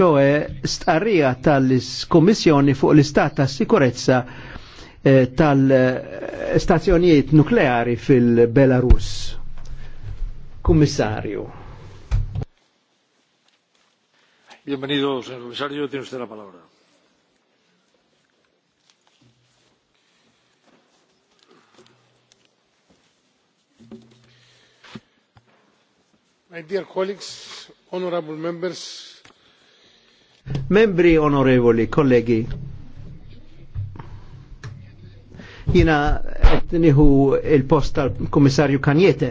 Joe, starrija tal-Komissjoni fuq l-istat ta' sikurezza eh, tal-stazzjonijiet nukleari fil-Belarus. Kummissarju. Bienvenido, señor comisario, tiene usted la palabra. My dear colleagues, honorable members, Membri onorevoli, kollegi, jina etniħu il-post tal-Komissarju Kanjete.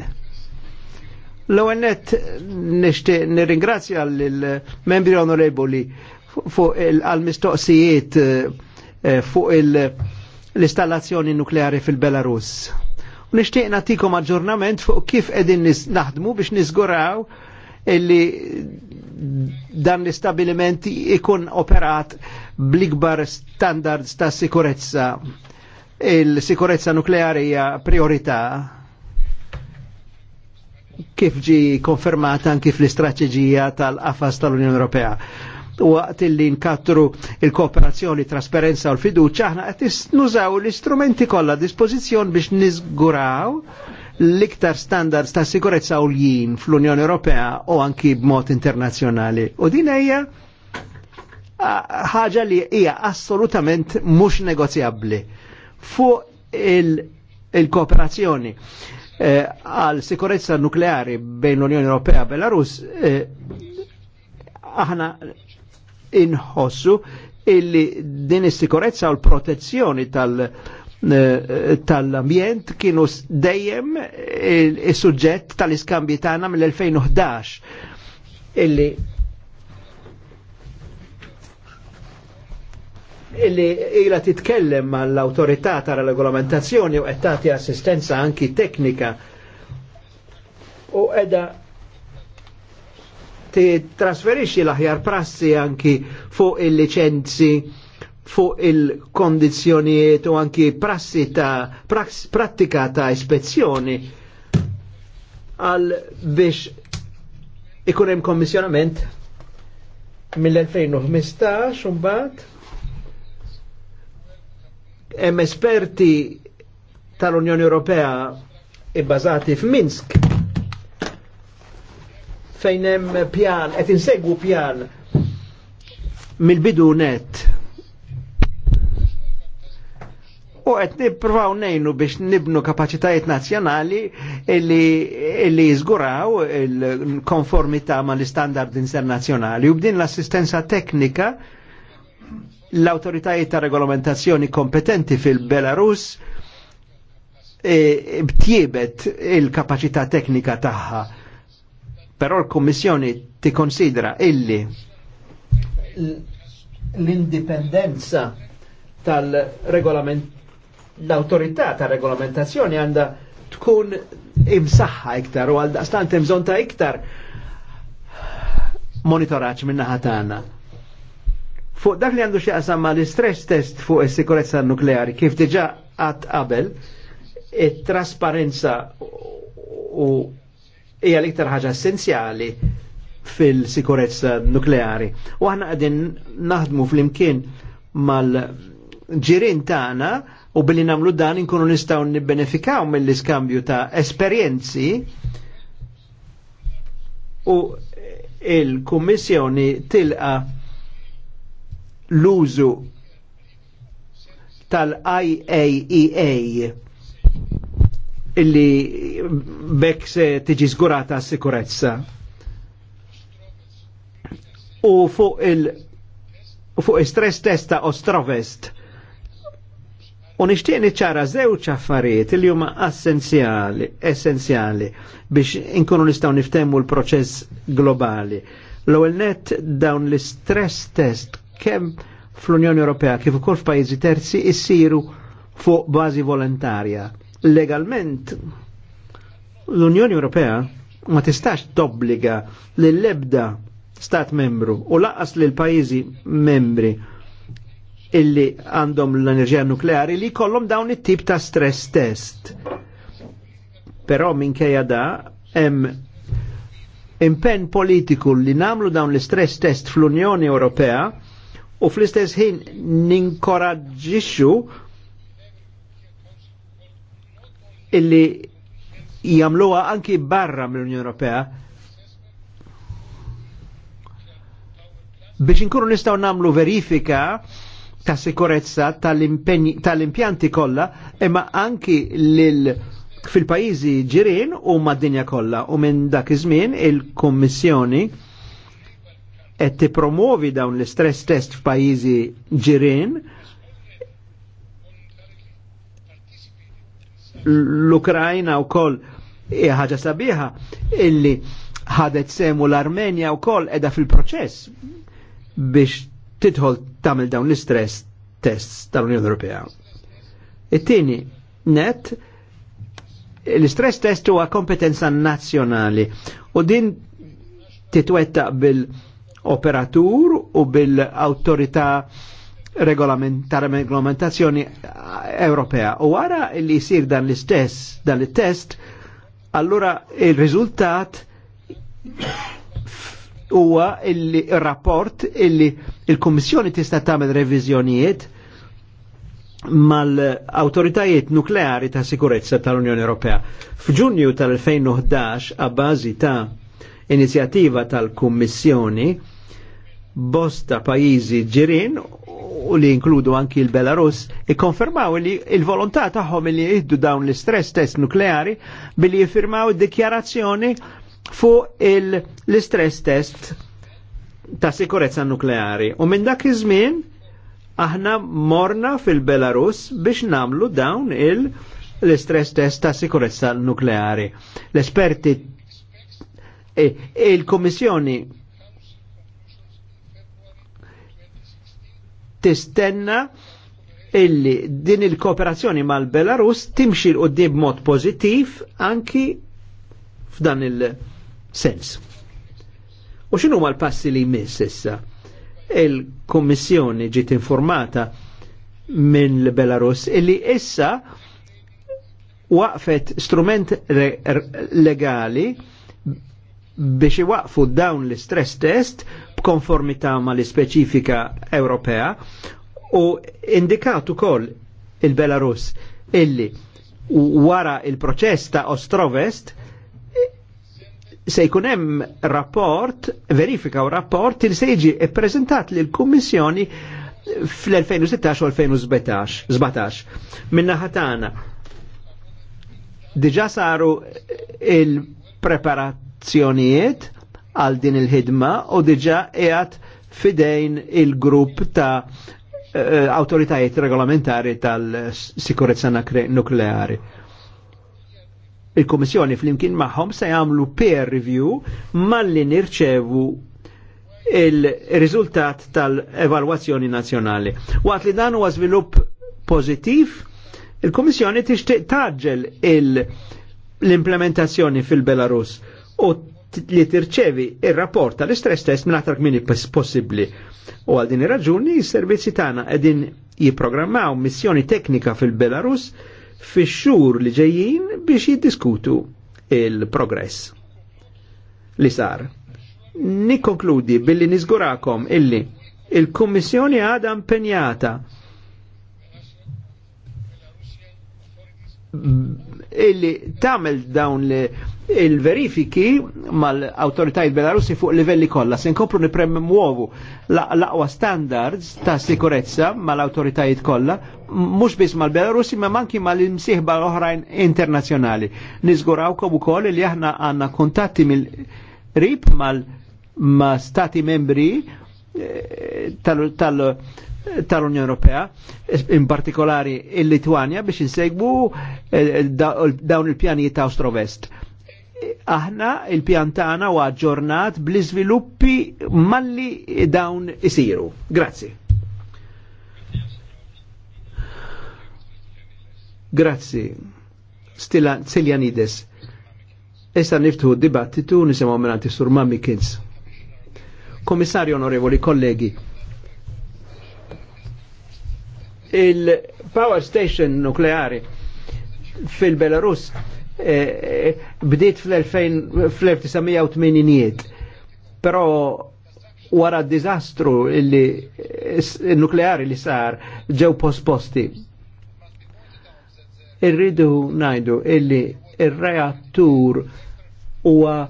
L-għennet nirringrazzja l-membri onorevoli eh, fuq il-mistoqsijiet fuq l-installazzjoni nukleari fil-Belarus. Nishtiqna tikom aġġornament fuq kif edin naħdmu biex nizguraw illi dan l istabilimenti ikun operat bl-ikbar standards ta' sikurezza. Il-sikurezza nukleari hija priorità kif ġi konfermata anki fl-istraċeġija tal-qafas tal-Unjoni Ewropea waqt li nkattru il-kooperazzjoni, trasparenza u l-fiduċa, aħna qed nużaw l-istrumenti kollha dispożizzjon biex niżguraw l-iktar standards ta' sikurezza u l-jien fl-Unjoni Ewropea u anki b'mod internazzjonali. U din hija ħaġa li hija assolutament mhux negozjabbli fuq il-kooperazzjoni il eh, għal eh, sikurezza nukleari bejn l-Unjoni Ewropea Belarus eh, aħna inħossu illi din is-sikurezza u l-protezzjoni tal- Eh, tal-ambjent kienu dejjem eh, il-suġġett tal-iskambji tagħna mill-2011 illi illi ila titkellem mal autorità tal regolamentazzjoni u qed assistenza anki teknika u edha ti trasferixxi l-aħjar prassi anki fuq il-licenzi fuq il-kondizjonijiet u anki prassi ta' prattika ta' ispezzjoni għal biex ikun hemm kommissjonament mill-2015 mbagħad hemm esperti tal-Unjoni Ewropea ibbażati f'Minsk fejn hemm pjan qed insegwu pjan mill-bidu net u qed nippruvaw nejnu biex nibnu kapaċitajiet nazzjonali li jżguraw il-konformità ma l-istandard internazzjonali u b'din l-assistenza teknika l-autoritajiet ta' regolamentazzjoni kompetenti fil-Belarus e, btiebet il kapaċità teknika tagħha. Però l-Kummissjoni tikkonsidra illi l-indipendenza tal-regolament l-autorità ta' regolamentazzjoni għandha tkun imsaħħa iktar u għal daqstant imżon ta' iktar monitoraċ minna ħatana. Fuq dak li għandu xie għasamma l-stress test fuq is-sikurezza nukleari kif diġa għat qabel, il trasparenza u hija l-iktar ħaġa essenzjali fil-sikurezza nukleari. U aħna għadin naħdmu fl-imkien mal-ġirin tagħna u billi namlu dan inkunu nistaw nibbenefikaw mill-iskambju ta' esperienzi u il-Kummissjoni tilqa l-użu tal-IAEA e illi bekk se tiġi zgurata sikurezza. U fuq il- fuq stress testa Ostrovest U nixtieq niċċara żewġ affarijiet li huma essenzjali, essenzjali biex inkunu nistgħu niftemmu l-proċess globali. L-ewwel net dawn l-istress test kemm fl-Unjoni Ewropea kif ukoll f'pajjiżi terzi issiru fuq bażi volontarja. Legalment l-Unjoni Ewropea ma tistax tobbliga lill-ebda stat membru u laqas lil pajjiżi membri illi għandhom l-enerġija nukleari li kollom dawn it-tip ta' stress test. Però minkejja da hemm impenn politiku li namlu dawn l-stress test fl-Unjoni Ewropea u fl-istess ħin ninkoraġġixxu illi jamluwa anki barra mill-Unjoni Ewropea biex inkunu nistgħu namlu verifika ta' sikurezza tal-impjanti tal kollha, imma anki lil fil-pajjiżi ġirin u mad-dinja kollha u minn dak iż-żmien il-Kummissjoni qed tippromovi dawn l-istress test f'pajjiżi ġirien l-Ukrajna u koll ħaġa sabiħa illi ħadet semu l-Armenja u koll edha fil-proċess biex tidħol tagħmel dawn l-istress tests tal-Unjoni Ewropea. It-tieni net l-istress test huwa kompetenza nazzjonali u din titwettaq bil-operatur u bil-autorità ta' regolamentazzjoni Ewropea. U wara li jsir dan l-istess dan l test allura il-riżultat huwa il-rapport illi il-Kummissjoni tista' tagħmel reviżjonijiet mal-autoritajiet nukleari ta' sikurezza tal-Unjoni Ewropea. F'Ġunju tal-2011, a bażi ta' inizjattiva tal-Kummissjoni, bosta pajjiżi ġirin u li inkludu anki il-Belarus, ikkonfermaw li il-volontà tagħhom li jiddu dawn l-istress test nukleari billi jiffirmaw dikjarazzjoni fuq l-istress test ta' sikurezza nukleari. U minn dak iż-żmien aħna morna fil-Belarus biex namlu dawn il- l-istress test ta' sikurezza nukleari. L-esperti e, il-Komissjoni tistenna illi din il-kooperazzjoni mal-Belarus timxil u dib mod pozittiv anki f'dan il- sens. U xinu ma l-passi li jmiss issa? Il-Kommissjoni ġiet informata minn l-Belarus illi issa waqfet strument legali biex iwaqfu dawn l-stress test b'konformità ma l-speċifika Ewropea u indikatu kol il-Belarus illi wara il-proċess ta' Ostrovest se jkun hemm rapport, verifika u rapport il se jiġi prezentat lil kummissjoni fl-2016 u 2017. Minna ħatana. Diġa saru il-preparazzjonijiet għal din il-ħidma u diġa qiegħed fidejn il-grupp ta' uh, autoritajiet regolamentari tal-sikurezza nukleari il-Komissjoni fl-imkien magħhom se jagħmlu peer review malli nirċevu il-riżultat tal-evalwazzjoni nazzjonali. Waqt li dan huwa żvilupp pożittiv, il-Komissjoni tixtieq taġġel l-implementazzjoni fil-Belarus u li tirċevi il-rapport tal-istress test minn aktar kmini possibli. U għal din ir-raġuni s-servizzi tagħna qegħdin jipprogrammaw missjoni teknika fil-Belarus fix-xhur li ġejjin biex jiddiskutu il-progress li sar. Nikkonkludi billi nizgurakom, illi il-Kummissjoni għadha impenjata illi tagħmel dawn li il-verifiki mal autoritajt belarussi fuq livelli kollha se nkopru nipremmuovu l-aqwa standards ta' sikurezza mal autoritajt kollha mhux biss mal-Belarussi ma manki mal-imsieħba oħrajn internazzjonali. kobu ukoll li aħna għandna kuntatti mill-rib mal stati membri eh, tal tal, tal Ewropea, in partikolari il lituania biex insegbu eh, dawn il-pjanijiet ta' Austro-Vest aħna il-pjantana u aġġornat bl sviluppi malli dawn isiru. Grazzi. Grazzi. Stila Celianides. Issa niftħu dibattitu nisimaw minnanti sur Mammi Kins. Komissarju onorevoli kollegi, il-power station nukleari fil-Belarus Eh, eh, bdiet fl-1980 però wara d-dizastru eh, nukleari li sar ġew posposti irridu najdu illi ir-reattur huwa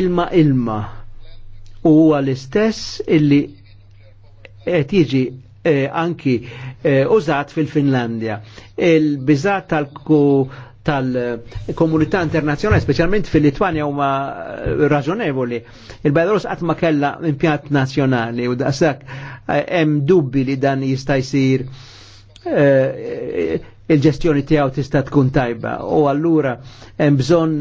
ilma ilma huwa l-istess illi qed jiġi eh, anki eh, użat fil-Finlandja. Il-biżat tal-ku tal-komunità internazjonali, specialment fil-Litwanja huma eh, raġonevoli. Il-Belarus qatt ma kella impjat nazzjonali u daqsak eh, hemm dubbi li dan jista' jsir eh, il-ġestjoni tiegħu tista' tkun tajba. U allura hemm bżonn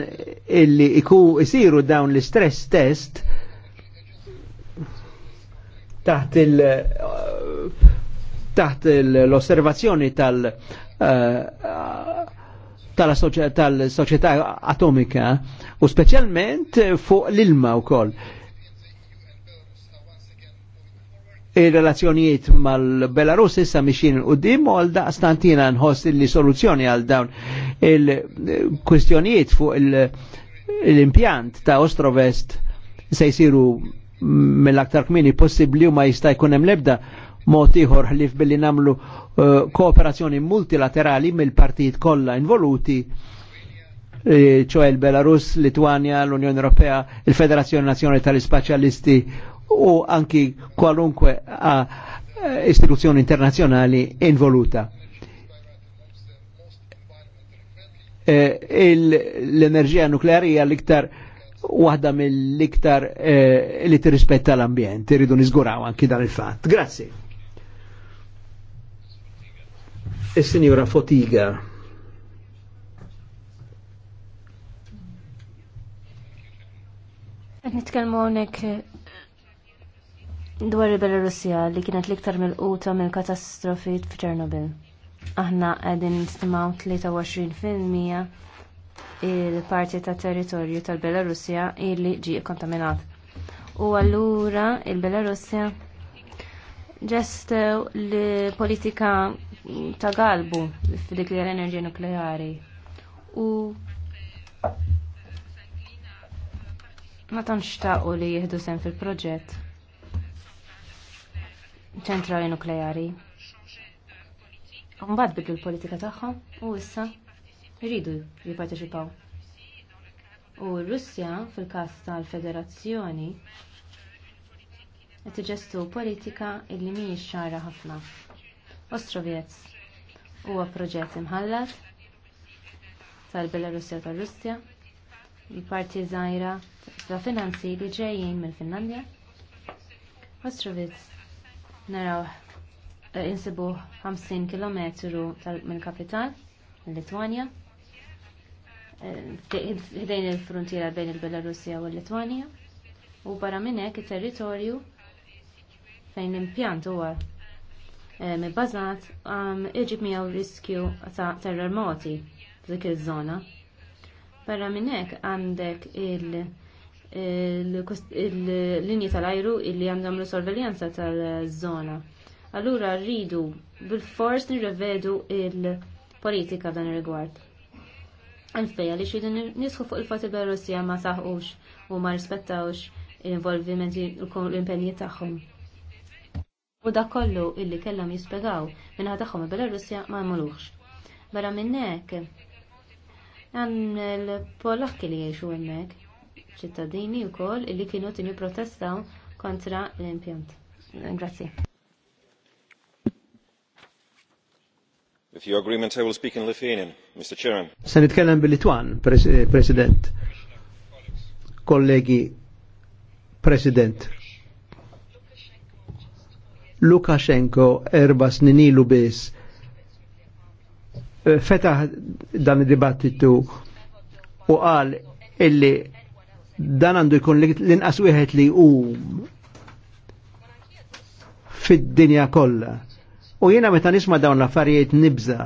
illi iku isiru dawn l-istress test taħt il- taħt l-osservazzjoni tal- uh, tal-soċjetà atomika u speċjalment fuq l-ilma wkoll. Il-relazzjonijiet mal-Belarus issa mixin il-qoddim u għal daqstantina nħoss li soluzzjoni għal dawn il-kwistjonijiet fuq l-impjant ta' Ostrovest se jisiru mill-aktar kmini possibli u ma jista' jkun hemm lebda mod ieħor ħlif billi namlu eh, kooperazzjoni multilaterali mill-partijiet kollha involuti eh, ċoħe il-Belarus, Litwania, l-Unjoni Europea, il-Federazzjoni Nazjonali tal-Ispaċjalisti u anki kwalunkwe eh, istituzzjoni internazjonali involuta. L-enerġija nukleari hija l-iktar waħda mill-iktar li tirrispetta l-ambjent, irridu niżguraw anki dan il-fatt. Grazie. Is-Sinjura Fotiga. Nitkellmu hawnhekk eh, dwar il-Belarusja li kienet l-iktar mill-quta mill-katastrofi f'Ċernobil. Aħna qegħdin nistimaw 23 fil-mija il-parti ta' territorju tal-Belarusja illi ġie kontaminat. U allura il-Belarusja ġestew l-politika ta' galbu f'dik li l-enerġija nukleari. U ma tantx taqgħu li jieħdu sen fil-proġett ċentrali nukleari. Mbagħad bidlu l-politika tagħhom u issa jridu jipparteċipaw. U r-Russja fil-każ tal-Federazzjoni qed tiġestu politika illi mhijiex ċara ħafna Ostrovets huwa proġett imħallat tal-Belarusja tal-Russja, parti żgħira ta' finanzi li ġejjin mill-Finlandja. Ostrovets naraw eh, insibu 50 km mill-kapital, l litwanja ħdejn eh, il-frontiera bejn il-Belarusja u l-Litwanja u barra minn hekk it-territorju fejn l-impjant huwa bazat iġib miegħu riskju ta' terremoti f'dik iż-żona. Barra minn hekk għandek il-linji tal-ajru illi għandhom l-sorveljanza tal-żona. Allura rridu bil-fors nirrevedu il-politika dan ir-rigward. Għalfej li xidin nisħu fuq il fati il-Belorussija ma saħux u ma rispettawx l-involvimenti l-impenji tagħhom. U da kollu illi kellhom jispjegaw minn ħadaħħom il Russja ma jmolux. Bara minnek, għan l-Polakki li jgħixu għemmek, ċittadini wkoll illi kienu tin protestaw kontra l-impjant. Grazzi. With your agreement, I will speak in Lithuanian, Mr. Chairman. Se nitkellem bil-Litwan, eh, President. Kollegi, President Lukashenko erba snin ilu biss eh, Feta' dan id-dibattitu u qal illi dan għandu jkun l-inqas wieħed li jqum fid-dinja kollha. U jiena meta nisma' dawn l-affarijiet nibża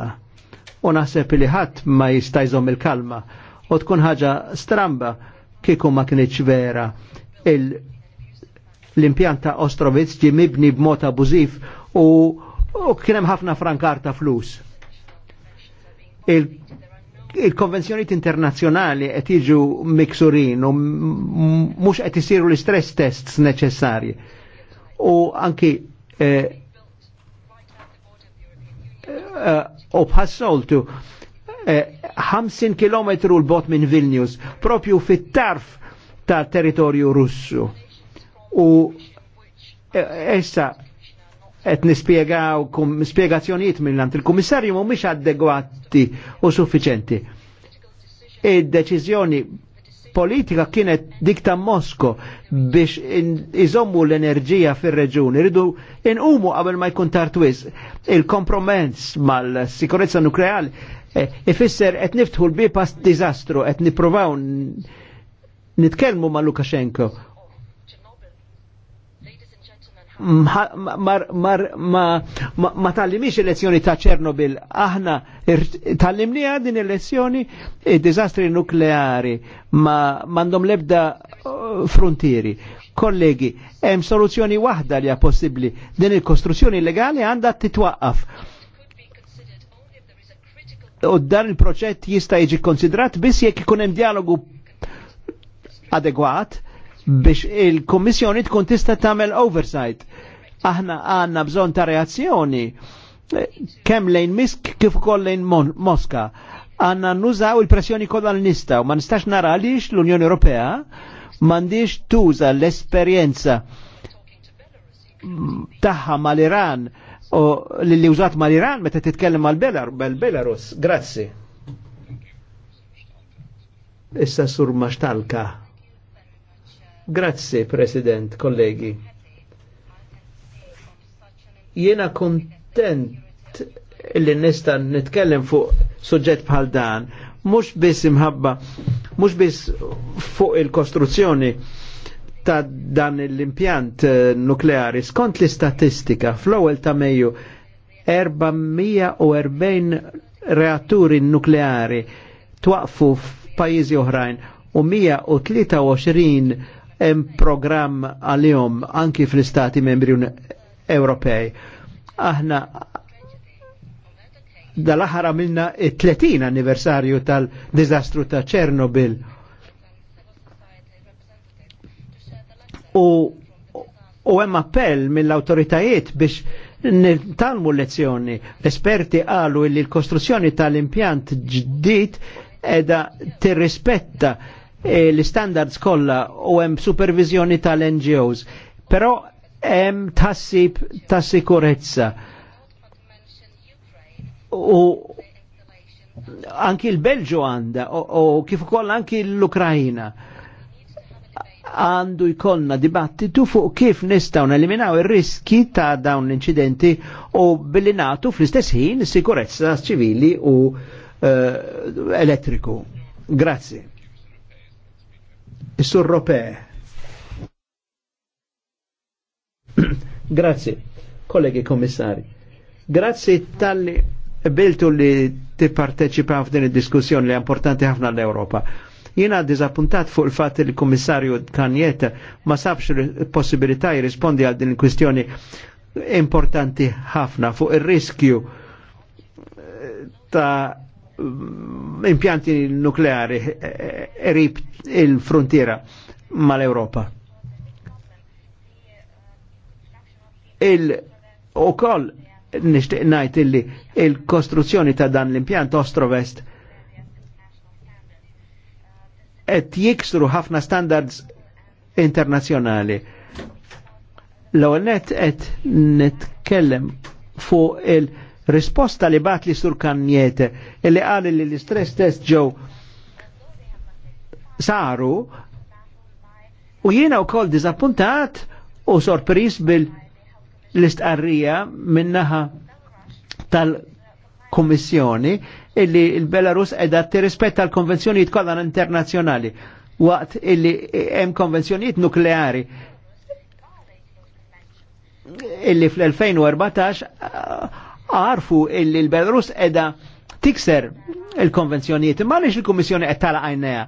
u naħseb li ħadd ma jista' jżomm il-kalma u tkun ħaġa stramba kieku ma kienx vera il- l-impjant ta' Ostrovitz ġi mibni b'mod abużiv u, u kienem ħafna frankar ta' flus. Il-konvenzjoniet il internazjonali qed jiġu miksurin u mhux qed isiru l-istress tests neċessarji. U anki eh, eh, u bħassoltu 50 eh, km l-bot minn Vilnius, propju fit-tarf tal-territorju russu u issa e, qed nispjegaw spjegazzjonijiet mill lant il-Kummissarju mhumiex adegwati u suffiċenti. Id-deċiżjoni politika kienet dik ta' Mosko biex iżommu l-enerġija fir-reġun. Iridu inqumu qabel ma jkun tartwis. Il-kompromess mal-sikurezza nukleari e, ifisser qed niftħu l-bipas diżastru qed nippruvaw nitkellmu ma' Lukashenko ma tallimix il-lezzjoni ta' Ċernobil, aħna tallimniha din il-lezzjoni il-dizastri e nukleari ma mandom lebda uh, frontieri. Kollegi, hemm soluzzjoni waħda li possibbli din il-kostruzzjoni legali għandha titwaqqaf. U dan il proċett jista' jiġi konsidrat biss jekk ikun hemm dialogu adegwat biex il-Kommissjoni tkun tista' tagħmel oversight. Aħna għandna bżonn ta' reazzjoni eh, kemm lejn Misk kif ukoll lejn Moska. Għandna nużaw il-pressjoni kollha l nistaw ma nistax nara għaliex l-Unjoni Ewropea m'għandix tuża l-esperjenza tagħha mal-Iran u li użat mal-Iran meta titkellem mal-Belarus. Grazzi. Issa sur maċtalka. Grazzi, President, kollegi. Jena kontent illi nista nitkellem fuq suġġett bħal dan, mhux biss imħabba, mhux biss fuq il-kostruzzjoni ta' dan l-impjant eh, nukleari. Skont l-istatistika, fl-ewwel ta' Mejju 440 reatturi nukleari twaqfu f'pajjiżi oħrajn u 123 hemm programm għalihom anki fl-istati membri Ewropej. Aħna dal-aħħar għamilna 30 anniversarju tal-diżastru ta' Ċernobil. U u hemm appell mill-awtoritajiet biex nitalmu lezzjoni. L-esperti qalu li l-kostruzzjoni tal-impjant ġdid edha tirrispetta Eh, l-standards kolla u hemm supervizjoni tal-NGOs. Però hemm tassib ta' sikurezza. U anki l-Belġu għanda u kif ukoll anki l-Ukrajina għandu jkollna dibattitu fuq kif nistaw neliminaw ir-riski ta' dawn l-inċidenti u billi natu fl-istess ħin sikurezza ċivili u uh, elettriku. Grazie. Is-Sur Grazie, kollegi kommissari. Grazie tal-li biltu li tipparteċipaw f'din id-diskussjoni li importanti ħafna l-Europa. Jina dizappuntat fuq il-fat il l-Kummissarju Kanjet ma sabx possibilità jirrispondi għal din il-kwistjoni importanti ħafna fuq il-riskju ta' impjanti nukleari eh, eh, erib il-frontiera mal-Europa. U koll nishtiq najt illi il-kostruzzjoni ta' dan l-impjant Ostrovest et jiksru ħafna standards internazjonali. L-għonet et nitkellem fuq il- risposta li bat li sur kanjete e li għal li l-istress test ġew saru u jiena u kol dizappuntat u sorpris bil l-istqarrija minnaħa tal-Kommissjoni illi il-Belarus edha t-rispetta l-konvenzjonijiet kollha internazjonali waqt illi hemm konvenzjonijiet nukleari illi fl-2014 għarfu illi l-Belarus edha tikser il-konvenzjonijiet, Ma għaliex il komissjoni qed tala għajnejha.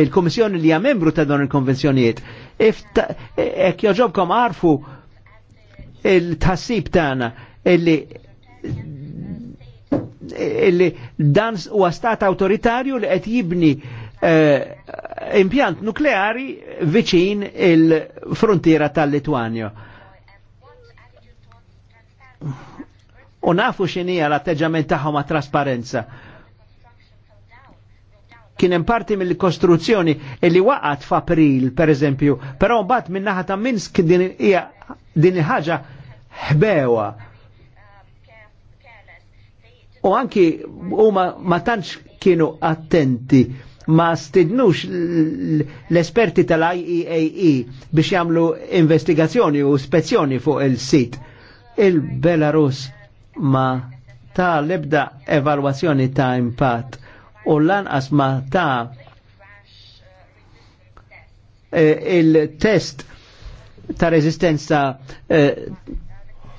Il-Kummissjoni li hija membru ta' dawn il-konvenzjonijiet, hekk e- joġobkom għarfu il-tħassib tagħna illi illi dan huwa stat autoritarju li qed jibni e, impjant nukleari viċin il-frontiera tal-Litwanja U nafu xinija l-atteġġament tagħhom ma' trasparenza. Kien hemm parti mill-kostruzzjoni li waqgħet f'April, pereżempju, però mbagħad min-naħa ta' Minsk din hija din ħaġa ħbewa. U anki huma ma tantx kienu attenti ma stidnux l-esperti tal-IEAE e biex jamlu investigazzjoni u spezzjoni fuq il-sit il-Belarus ma ta' lebda evalwazzjoni ta' impatt u lanqas ma ta' e, il-test ta' rezistenza e,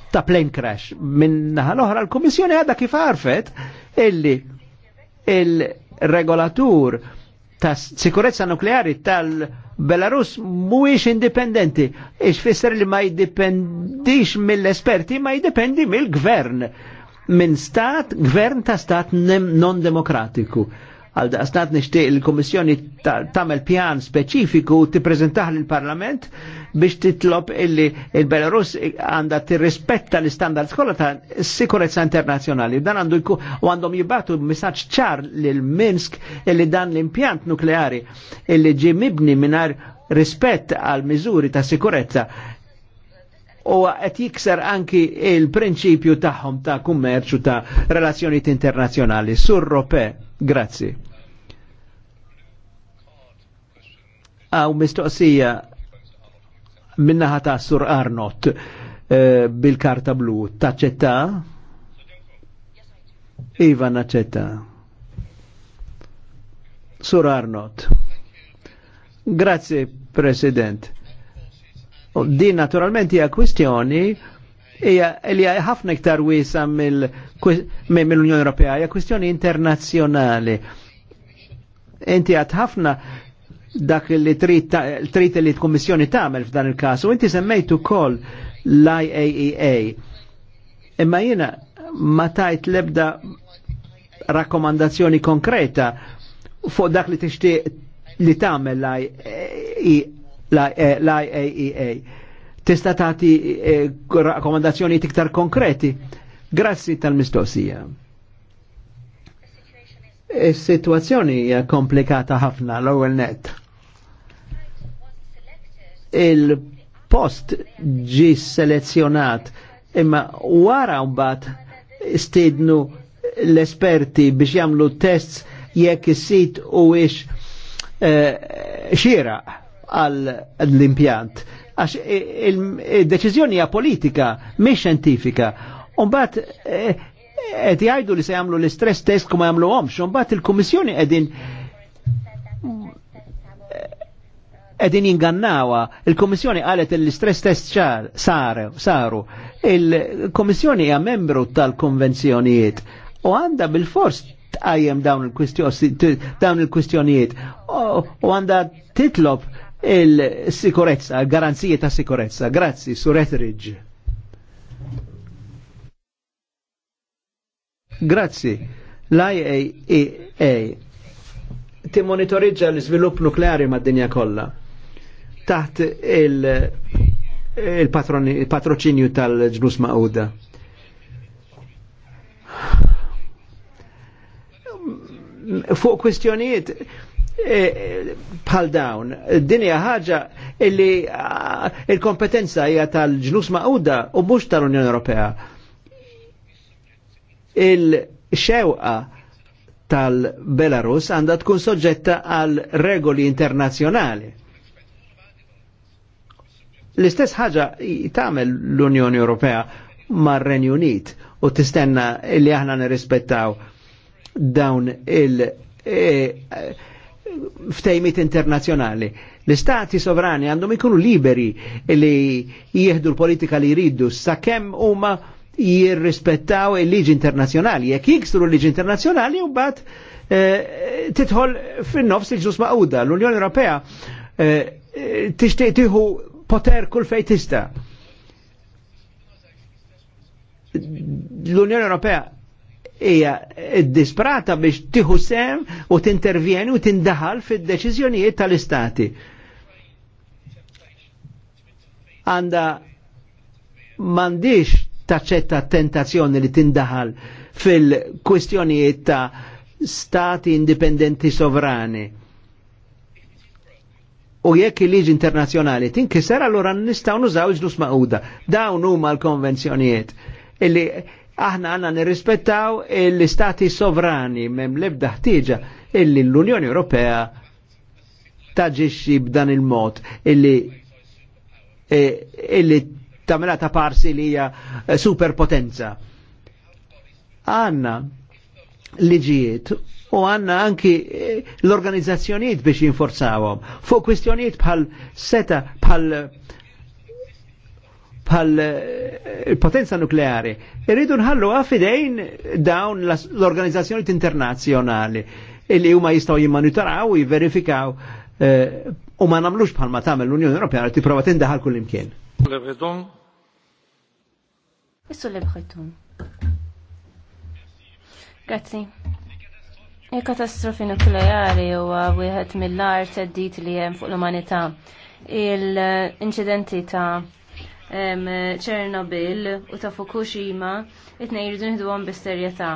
ta' plane crash. Minn naħal oħra l-Komissjoni għadha kif għarfet illi il-regolatur ta' sikurezza nukleari tal- Belarus mhuwiex indipendenti, ix fisser li ma jiddipendix mill-esperti, ma jiddependi mill-gvern, minn stat, gvern ta' stat non demokratiku. Għal daqsnat nishtiq il-Komissjoni tamel pjan speċifiku prezentaħ l parlament biex titlob illi il-Belarus għandha tirrispetta l-istandards kollha ta' sikurezza internazjonali. Dan għandu jku u għandhom jibbatu messaġġ ċar l Minsk illi dan l-impjant nukleari illi ġi mibni minar rispett għal miżuri ta' sikurezza u għet jikser anki il-prinċipju taħħom ta' kummerċu ta' relazzjoniet internazjonali. Surrope, grazzi. Għaw mistoqsija minnaħa ta' Sur Arnott eh, bil-karta blu, taċċetta? Iva naċċetta. Sur Arnott. Grazzi, President Din naturalment hija kwistjoni hija li ħafna iktar wiesa mill-Unjoni Ewropea, hija kwistjoni internazzjonali. Inti għad ħafna dak li trid li kommissjoni kummissjoni tagħmel f'dan il-każ u inti semmejt ukoll l-IAEA. E Imma jiena ma tajt lebda rakkomandazzjoni konkreta fuq dak li tixtieq li tagħmel l l-IAEA. Eh, e Tista' tagħti eh, rakkomandazzjoni iktar konkreti. Grazzi tal-mistoqsija. Is-sitwazzjoni hija komplikata ħafna l-ewwel net. Il-post ġi selezzjonat imma wara mbagħad stidnu l-esperti biex jagħmlu tests jekk is-sit u ix eh, għall-impjant. Għax il-deċizjoni hija politika, mhix xjentifika. Umbat eh, qed jgħidu li se jagħmlu l-istress test kum kuma jagħmluhomx, imbagħad il-Kummissjoni qegħdin edin eh, ingannawa, il-Komissjoni għalet l-stress test saru, il-Komissjoni hija membru tal-konvenzjonijiet u għanda bil-fors tqajjem dawn il-kwistjonijiet u għanda titlob il-sikurezza, garanzije ta' sikurezza. Grazzi, Sur Etheridge. Grazzi. L-IAEA monitorizza l svilupp nukleari mad-dinja kollha taħt il-patroċinju il tal-ġnus ma'uda. Fuq kwistjonijiet Eh, bħal dawn. Dinja ħaġa illi ah, il-kompetenza hija tal-ġnus maquda u mhux tal-Unjoni Ewropea. Il-xewqa tal-Belarus għandha tkun soġġetta għal regoli internazzjonali. L-istess ħaġa tagħmel l-Unjoni Ewropea mar-Renju Unit u tistenna li aħna nirrispettaw dawn il- eh, ftejmit internazjonali. L-istati sovrani għandhom ikunu liberi li jieħdu l-politika li jridu sakemm huma jirrispettaw il-liġi internazjonali. Jekk jiksru l-liġi internazjonali u bat eh, titħol fin-nofs il-ġus maqda. L-Unjoni Ewropea eh, tixtieq tieħu poter kull fejn tista'. L-Unjoni Ewropea hija disprata biex tieħu sem u tintervjeni u tindaħal fid-deċiżjonijiet tal-istati. Għanda mandiġ taċċetta tentazzjoni li tindaħal fil-kwistjonijiet ta' stati indipendenti sovrani. U jekk il-liġi internazzjonali tinkiser, allora nistgħu nużaw iġlus maquda. Dawn huma l-konvenzjonijiet illi aħna għanna nirrispettaw l-istati sovrani mem lebda ħtieġa illi l-Unjoni Ewropea taġiċi b'dan il-mod illi e, illi tamela ta' parsi li hija e, superpotenza. Għanna liġijiet u għanna anki e, l-organizzazzjonijiet biex jinforzawhom. Fuq kwistjonijiet bħal seta bħal bħal eh, potenza nukleari. Irridu nħallu għafidejn dawn l-organizzazzjoni internazjonali illi huma jistaw jimmanitaraw, u jiverifikaw eh, u ma namlux bħal ma tamel l-Unjoni Ewropea li tipprova tindaħal kull imkien. Issu li Grazzi. Il-katastrofi nukleari huwa wieħed mill art teddit li hemm fuq l-umanità. Il-inċidenti ta' Chernobyl u ta' Fukushima itnej jridu nħidu bis-serjetà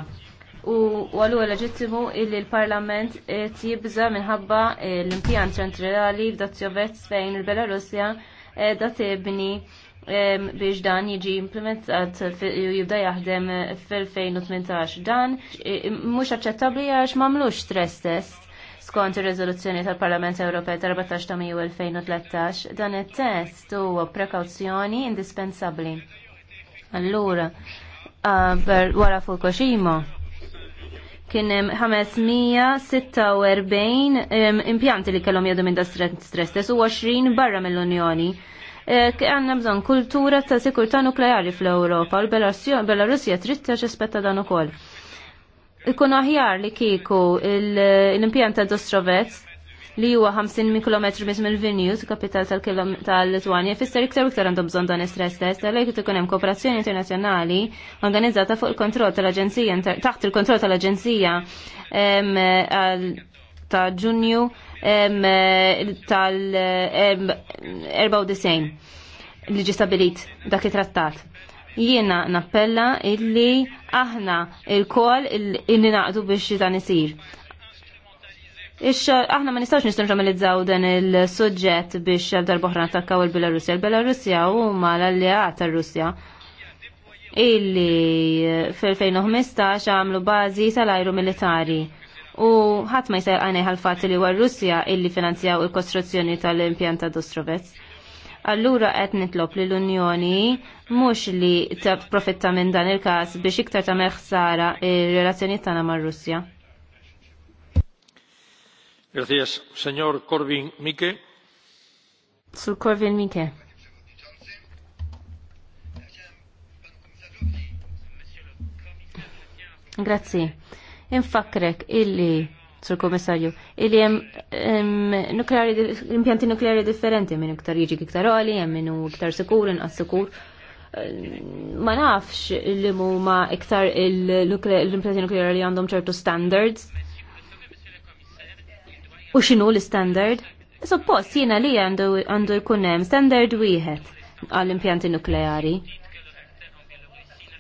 u għallu leġittimu illi l-parlament qed minħabba l impjant ċentrali f'Dazzjovets fejn il-Belarusja da tibni biex dan jiġi implementat u jibda jaħdem fil-2018. Dan mhux aċċettabbli għax m'għamlux stress test skont ir-riżoluzzjoni tal-Parlament Ewropew tal-14 ta' Mejju 2013 dan it-test huwa prekawzjoni indispensabbli. Allura, wara Fukushima kien hemm 546 impjanti li kellhom jgħidu minn da stress test u 20 barra mill-Unjoni e, għanna bżon kultura ta' sikurta nukleari fl-Europa. L-Belarusja trid aspetta dan ukoll ikun aħjar li kieku l-impjant ta' Dostrovets li huwa 50 km minn il-Vilnius, kapital tal-Litwanja, fisser iktar iktar għandhom bżonn dan stress test, għalhekk ikun hemm kooperazzjoni internazzjonali organizzata fuq il-kontroll tal-Aġenzija taħt il-kontroll tal-Aġenzija ta' Ġunju tal-94 li ġistabilit dak it-trattat jiena nappella illi aħna il-kol illi naqdu biex dan isir. ix aħna ma nistgħux nistimġamilizzaw dan il-suġġett biex darbohra attakkaw il-Belarusja. Il-Belarusja huma l-alleat tar-Russja illi fil-2015 għamlu bażi tal-ajru militari u ħadd ma jsejr għanejħa l-fatt li għal Russja illi finanzjaw il-kostruzzjoni tal-impjant ta' Dostrovets allura qed nitlob li l-Unjoni mhux li tapprofitta minn dan il-każ biex iktar tagħmel ħsara ir-relazzjonijiet tagħna mar-Russja. Grazie, signor Corvin Mike. Sur Corvin Mike. Grazzi. Infakrek illi sur komissarju, illi hemm impjanti nukleari differenti minn iktar jiġi iktar għali, hemm minnu iktar sikur, inqas sikur. Eh, ma nafx li huma iktar l-impjanti nukleari li għandhom ċertu standards. U x'inhu l-standard? Suppost jiena li għandu jkun hemm standard wieħed għall-impjanti nukleari.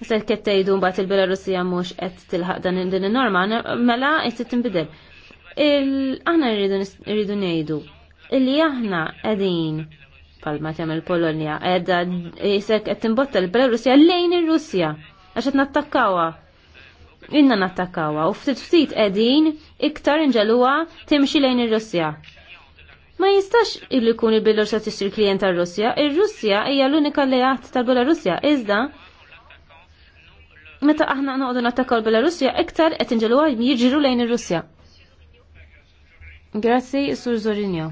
Se qed tgħidu mbagħad il-Belarusija mhux qed tilħaq dan din in-norma, mela qed tinbidel. Aħna rridu ngħidu illi aħna qegħdin palma il Polonja qiegħda isek qed timbotta l belarusja lejn ir-Russja għax qed nattakkawha. Inna nattakkawha u ftit ftit qegħdin iktar inġaluwa timxi lejn ir-Russja. Ma jistax illi kun il-Belarusja tisri klient tal-Russja, ir-Russja hija l-unika alleat tal-Belarusja, iżda meta aħna noqogħdu nattakkaw l-Belarusja iktar qed inġelu jiġru lejn ir-Russja. Grazzi, Sur Zorinjo.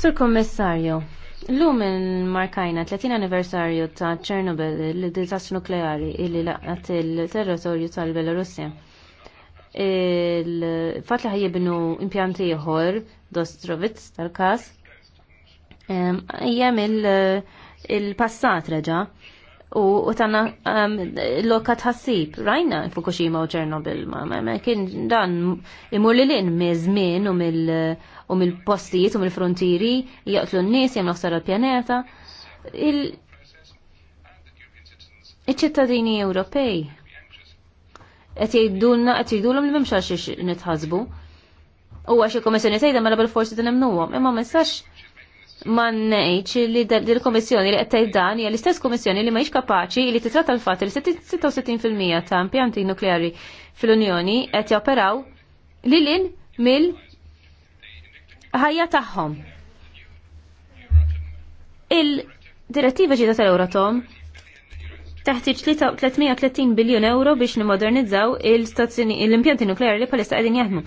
Sur Kommissarju, Lum il-markajna 30 anniversarju ta' Chernobyl, il-disastru nukleari li laqat il-territorju tal-Belarusja. Il-fat li ħajibnu impjanti jħor, Dostrovitz tal-kas, ehm, hija eh, il-passat reġa' u tanna l um, lokat tħassib rajna Fukushima u Ċernobil ma kien dan imur li me zmin u mill-postijiet u mill-frontieri jaqtlu n-nies jemlu ħsar l-pjaneta il-ċittadini Ewropej qed jgħidulna qed jgħidulhom li m'hemmx nitħazbu nitħasbu. U għax il-Komissjoni sejda mela bil-forsi t-nemnuwa imma ma ma ngħidx li l-Komissjoni li qed tgħid dan hija l-istess Komissjoni li mhijiex kapaċi li titratta l-fatt li 66% ta' impjanti nukleari fil-Unjoni qed joperaw lil mill ħajja tagħhom. Il-direttiva ġita tal-Euratom taħtieġ 330 biljun euro biex nimodernizzaw l-impjanti nukleari li palista qegħdin jaħdmu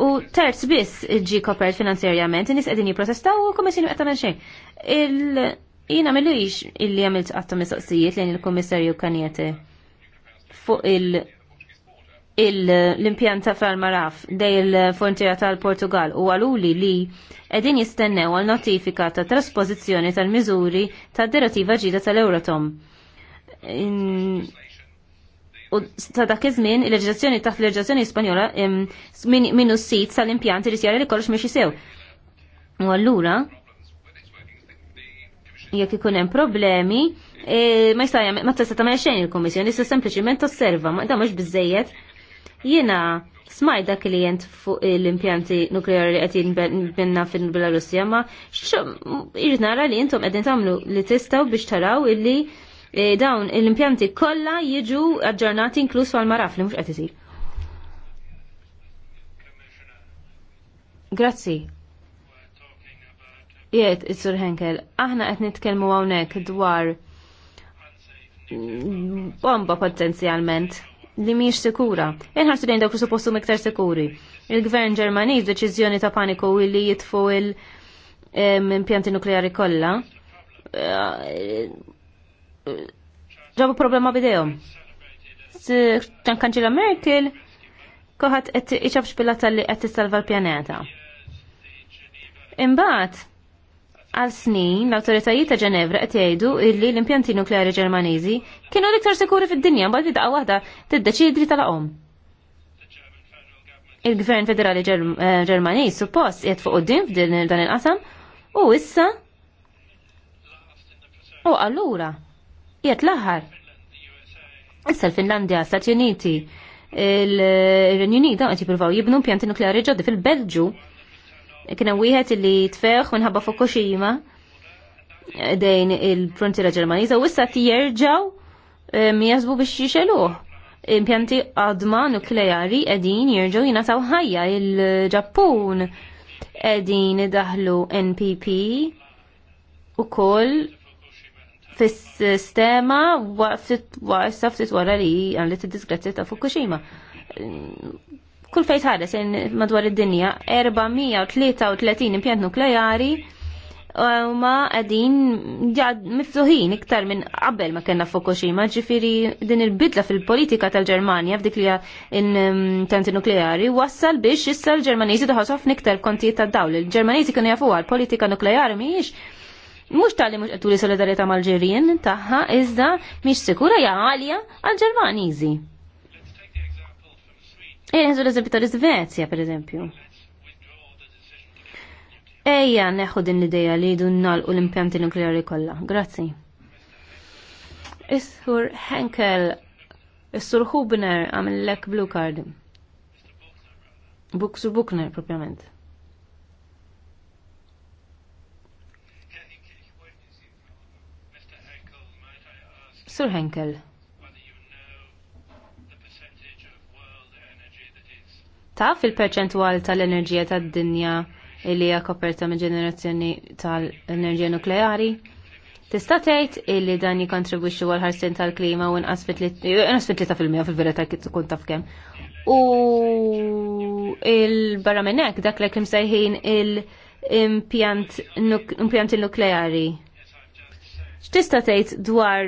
u terz biss ġi kopert finanzjarjament, nis qegħdin jipprotestaw u menxie. Il-jina mellu xejn. Il jiena millux illi għamilt qatta mistoqsijiet lejn il-Kummissarju jete fuq il- impjanta impjant ta' fal-maraf dej il-frontiera tal-Portugal u għaluli li edin jistennew għal notifika ta' trasposizjoni tal-miżuri ta' direttiva ġida tal eurotom U ta' dak iż-żmien il-leġiżlazzjoni taħt il-leġiżlazzjoni Spanjola minnu sit sal-impjanti li sjara li kollox mhix isew. U allura jekk ikun hemm problemi, e, ma jista' ma tista' tagħmel xejn il-Kummissjoni, issa sempliċiment tosserva, ma mhux biżejjed. Jiena smaj da klient fuq l-impjanti nukleari li qed jinbenna fil-Belarusja, ma irrid nara li intom qegħdin tagħmlu li tistgħu biex taraw illi E, dawn l-impjanti kollha jiġu aġġornati inkluż għal-maraf li mhux qed isir. Grazzi. Jiet, Sur Henkel, aħna qed nitkellmu hawnhekk dwar bomba potenzjalment li miex sikura. Inħarsu dejn dawk suppostu miktar sikuri. Il-gvern Ġermaniż deċiżjoni ta' paniku li jitfu il-impjanti nukleari kollha ġabu problema bidejhom. Tan Merkel koħat qed iċab xpilata li qed salva l-pjaneta. Imbagħad għal snin l-autoritajiet ta' Ġenevra qed jgħidu illi l-impjanti nukleari Ġermaniżi kienu l-iktar sikuri fid-dinja mbagħad bidqa waħda tiddeċidri tal-qom. Il-Gvern Federali eh, Ġermaniż suppost qiegħed fuq din f'din dan il-qasam u issa u allura Jiet l-aħħar. Issa l-Finlandja, Stati Uniti, il-Renju Uniti qed jippruvaw jibnu pjanti nukleari ġoddi fil-Belġu. Kien hemm wieħed li tfeħ minħabba Fukushima dejn il-frontiera Ġermaniża u issa jerġgħu eh, jasbu biex jixeluh. Impjanti għadma nukleari qegħdin jerġgħu jingħataw ħajja il-Ġappun qegħdin idaħlu NPP u fis-sistema waqfet ftit wara li għandet id-disgrazzja ta' Fukushima. Kull fejn ħares madwar id-dinja 433 impjant nukleari ma għadin miftuħin iktar minn qabel ma kena Fukushima, ġifiri din il-bidla fil-politika tal-Ġermanja f'dik li tanti nukleari wassal biex issa l-Ġermaniżi doħasofni n'iktar kontijiet ta' dawl. Il-Ġermaniżi kienu jafu għal politika nukleari mhijiex mux tali li mux għettuli solidarieta mal-ġerien taħħa, iżda miex sikura jgħalja għal-ġermanizi. Ejja, nżur eżempju tal-Svezja, per eżempju. Ejja, neħu din l-ideja li dunna l-impjanti nukleari kollha. Grazzi. Is-sur Henkel, is-sur Hubner għamillek blue card. Buxu Buchner, propjament. Sir Henkel. Taf il-perċentwal tal-enerġija tad-dinja li hija koperta minn ġenerazzjoni tal-enerġija nukleari? Tista' tgħid illi dan jikkontribwixxi għal ħarsien tal-klima u inqas fit eh, tlieta fil-mija fil-verità kif tkun taf kemm. U il-barra minn hekk dak lek sejħin il-impjant il-nukleari. X'tista' tgħid dwar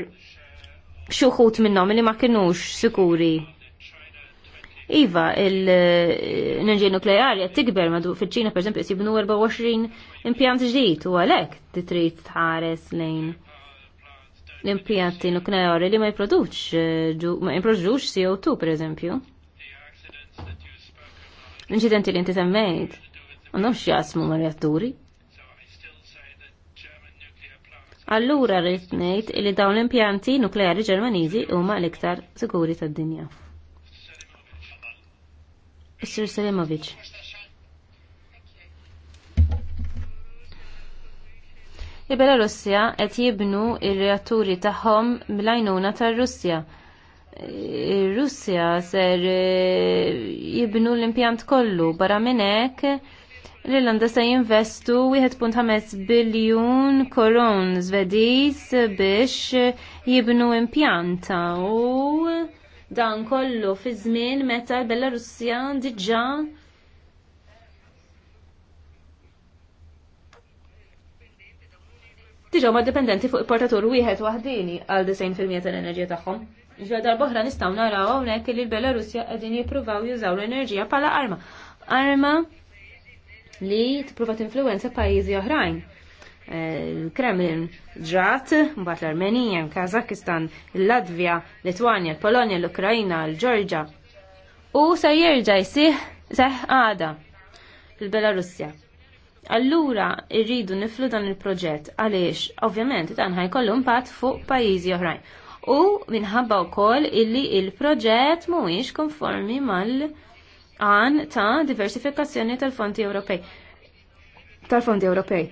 xuħut minnom li ma kienux sikuri. Iva, l-enerġija eh, nukleari qed tikber ma fiċ ċina per esempio, jisibnu 24 impjant ġdijt u għalek titrit tħares lejn l-impjanti nukleari li ma jiproduċ, eh, ma jiproduċ CO2, per esempio. L-inċidenti li inti semmejt, għandhom xjasmu ma reatturi. allura rrid ngħid li dawn l-impjanti nukleari Ġermaniżi huma l-iktar sikuri tad-dinja. Sir Selimovic. il Russja qed jibnu r reatturi tagħhom bl-għajnuna tar-Russja. Russja ser jibnu l-impjant kollu barra minn hekk l-Irlanda se jinvestu 1.5 biljun koron zvediż biex jibnu impjanta u dan kollu fi żmien meta l-Belarusja diġà Diġa ma dipendenti fuq il-portatur wieħed waħdini għal 90% tal-enerġija tagħhom. Ġra darbohra nistgħu naraw hawnhekk li l-Belarusja qegħdin jippruvaw jużaw l-enerġija bħala arma. Arma li tipprova tinfluwenza pajjiżi oħrajn. Eh, kremlin ġrat, mbagħad l-Armenija, Kazakistan, il-Latvja, Litwanja, l-Polonja, l ukrajina l-Ġorġa. U se jerġa' jisih seħ għada fil belarusja Allura irridu niflu dan il-proġett għaliex ovvjament dan ħajkollu impatt fuq pajjiżi oħrajn. U minħabba wkoll illi il-proġett mhuwiex konformi mal- għan ta' diversifikazzjoni tal-fondi Ewropej. Tal-fondi Ewropej.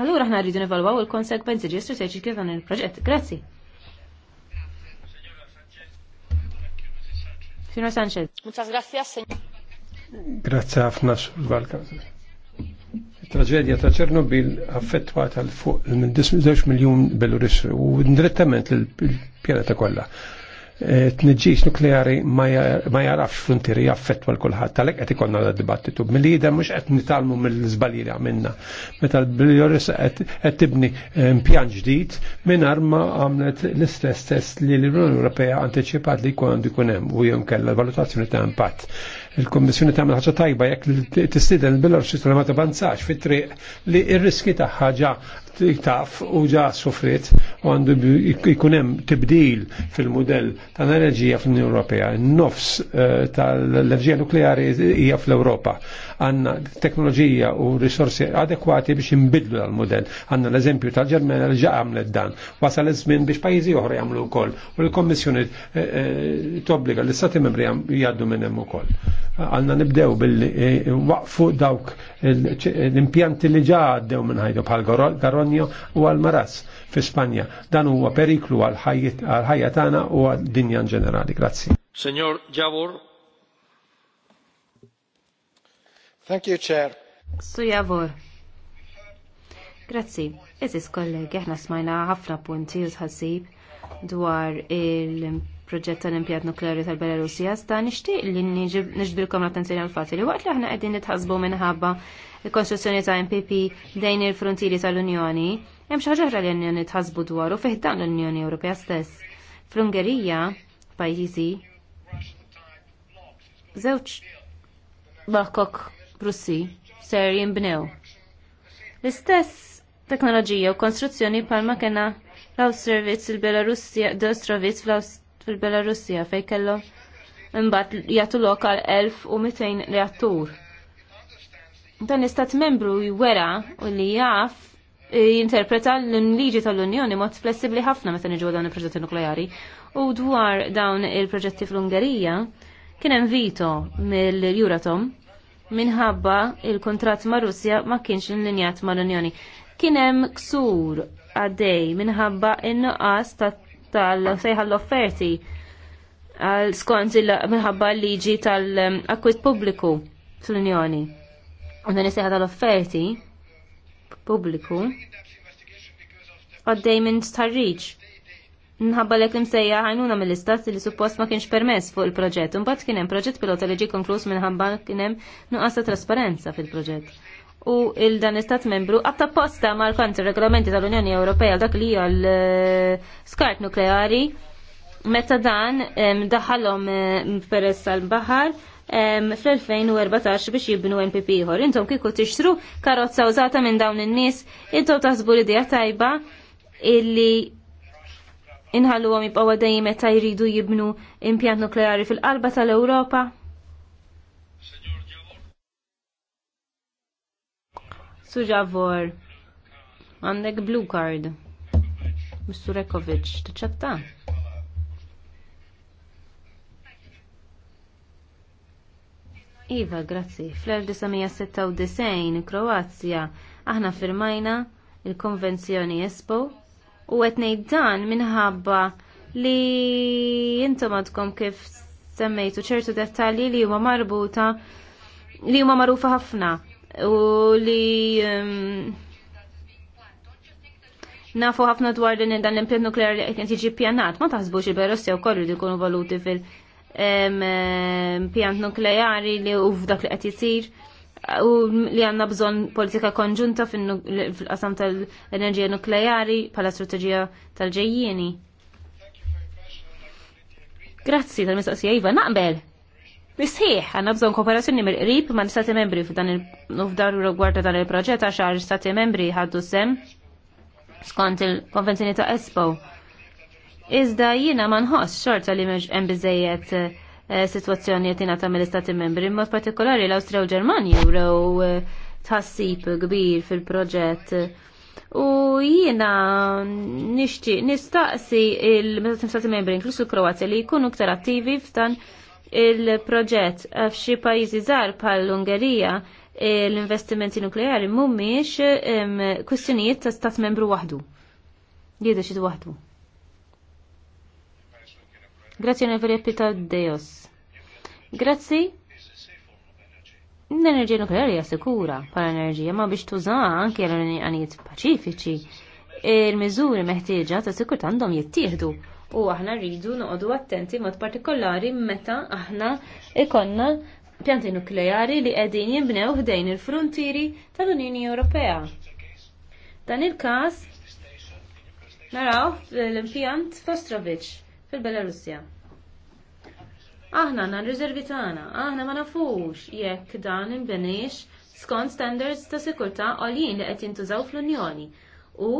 Allura ħna rridu nevalwaw il-konsekwenzi ġi kif dan il-proġett. Grazzi. Signor Sanchez. Muchas gracias, señor. Grazie ħafna sul Balkan. Il-traġedja ta' Ċernobil affettwata l fuq minn 10 miljon Belorussi u indirettament l-pjaneta kollha. Eh, tniġġis nukleari ma jarafx frontiri jaffetwa l-kulħadd. talek qed ikonna da dibattitu. Mill-lider mhux qed nitalmu mill-żbalji li għamilna. Meta l-Biljoris qed tibni eh, pjan ġdid mingħajr ma għamlet l-istess test li l-Unjoni Ewropea antiċipat li jkun għandu jkun hemm u jom kella valutazzjoni ta' impatt. Il-Kommissjoni tagħmel ħaġa tajba jekk l il-Biljoris sistema ma tavanzax fit-triq li r-riski ta' ħaġa taf u ġa soffrit u għandu jikunem tibdil fil-modell ta' enerġija fl-Unjoni Ewropea. Nofs eh, tal-enerġija nukleari hija fl-Ewropa għanna teknoloġija u risorsi adekwati biex imbidlu dal model Għanna l-eżempju tal-Ġermena li ġa għamlet dan. Wasal iż-żmien biex pajjiżi oħra jagħmlu wkoll. U l-Kommissjoni eh, eh, tobbliga l istati membri jgħaddu minn hemm ukoll. Għanna nibdew billi eh, waqfu dawk l-impjanti li ġa għaddew minn ħajdu bħal Garonjo u għal Maras fi Spanja. Dan huwa periklu għal ħajja tagħna u għad dinja ġenerali. Grazzi. Senjor Javor, Thank you, Chair. Su javor. Grazzi. Eżis kollegi, aħna smajna ħafna punti u dwar il-proġett tal-impjat nukleari tal belarusija sta nixtieq li nixbilkom l-attenzjoni għal fatti li waqt li aħna qegħdin nitħasbu minħabba il-konstruzzjoni ta' MPP dejn il-frontieri tal-Unjoni, hemm xi ħaġa li għandna nitħasbu dwar u fih dan l-Unjoni Ewropea stess. Fl-Ungerija, pajjiżi, zewċ Barkok Russi ser jinbnew. L-istess teknoloġija u konstruzzjoni palma kena l-Austrovitz il-Belarusja, d-Ostrovitz fil belarussija fej kellhom imbagħad jagħtu lokal 1200 reattur. Dan istat membru jwera u li jaf e, jinterpreta l-liġi tal-Unjoni mod flessibli ħafna meta niġu dawn il-proġetti nukleari. U dwar dawn il-proġetti fl-Ungerija kien hemm vito mill-Juratom minħabba il-kontrat ma' Russja ma kienx linjat ma' l-Unjoni. Kien hemm ksur għaddej minħabba in-nuqqas tal-sejħa l-offerti għal skont minħabba l-liġi tal-akwit pubbliku fl-Unjoni. U dan tal-offerti pubbliku għaddej minn starriċ Nħabba l imsejja ħajnuna mill-istat li suppost ma kienx permess fuq il-proġett. Unbat kien hemm proġett pilota li ġie konklus minnħabba kien hemm trasparenza fil-proġett. U il dan istat membru għabta posta l kont regolamenti tal-Unjoni Ewropea dak li għal skart nukleari meta dan daħalom peress l baħar fl-2014 biex jibnu NPP ieħor. Intom kieku tixtru karozza użata minn dawn in-nies, intom taħsbu l-idea tajba illi inħallu għom jibqaw għadajim meta jridu jibnu impjant nukleari fil-qalba tal-Europa? Suġavor, għandek blue card. Mr. Rekovic, t-ċatta? Iva, grazzi. Fl-1996, Kroazja, aħna firmajna il-Konvenzjoni Espo u qed ngħid dan minħabba li intom għadkom kif semmejtu ċertu dettalji li huma marbuta li huma magħrufa ħafna u li um, nafu ħafna dwar din dan l-impjant nukleari li qed jiġi pjanat, ma taħsbux il-Berossja wkoll li jkunu valuti fil-pjant nukleari li u f'dak li qed jisir u li għanna bżon politika konġunta fil-qasam tal-enerġija nukleari pala strategija tal-ġejjieni. Grazzi tal mistoqsija Iva, naqbel. Bisħiħ, għanna bżon kooperazzjoni mill qrib ma' stati membri f'dan il-fdar riguarda dan il-proġett għax għar stati membri ħaddu sem skont il-konvenzjoni ta' Espo. Iżda jina ma nħoss xorta li mhemmx hemm biżejjed Eh, situazzjoni jetina ta' mill-Istati membri, mod partikolari l-Austria u Ġermanja u eh, tħassib kbir fil-proġett. U jiena nixtieq nistaqsi il-Istati membri, inklusu Kroazja, li jkunu ktar attivi f'dan il-proġett f'xi pajjiżi żgħar bħall-Ungerija l-investimenti nukleari mhumiex kwistjonijiet ta' stat membru waħdu. Jidha xi waħdu. Grazzi onorevoli Pita Deos. Grazzi. l L'energia nukleari hija sikura bħala enerġija ma biex tużaha anke għal-għanijiet paċifiċi. l miżuri meħtieġa ta' sikur għandhom jittieħdu u aħna rridu noqogħdu attenti mod partikolari meta aħna ikonna pjanti nukleari li qegħdin jinbnew ħdejn il fruntieri tal-Unjoni Ewropea. Dan il-każ naraw l-impjant Fostrovic fil-Belarusja. Aħna għandna rizervi tagħna, aħna ma nafux jekk dan inbenix skont standards ta' sikurtà għalin li qed jintużaw fl-Unjoni u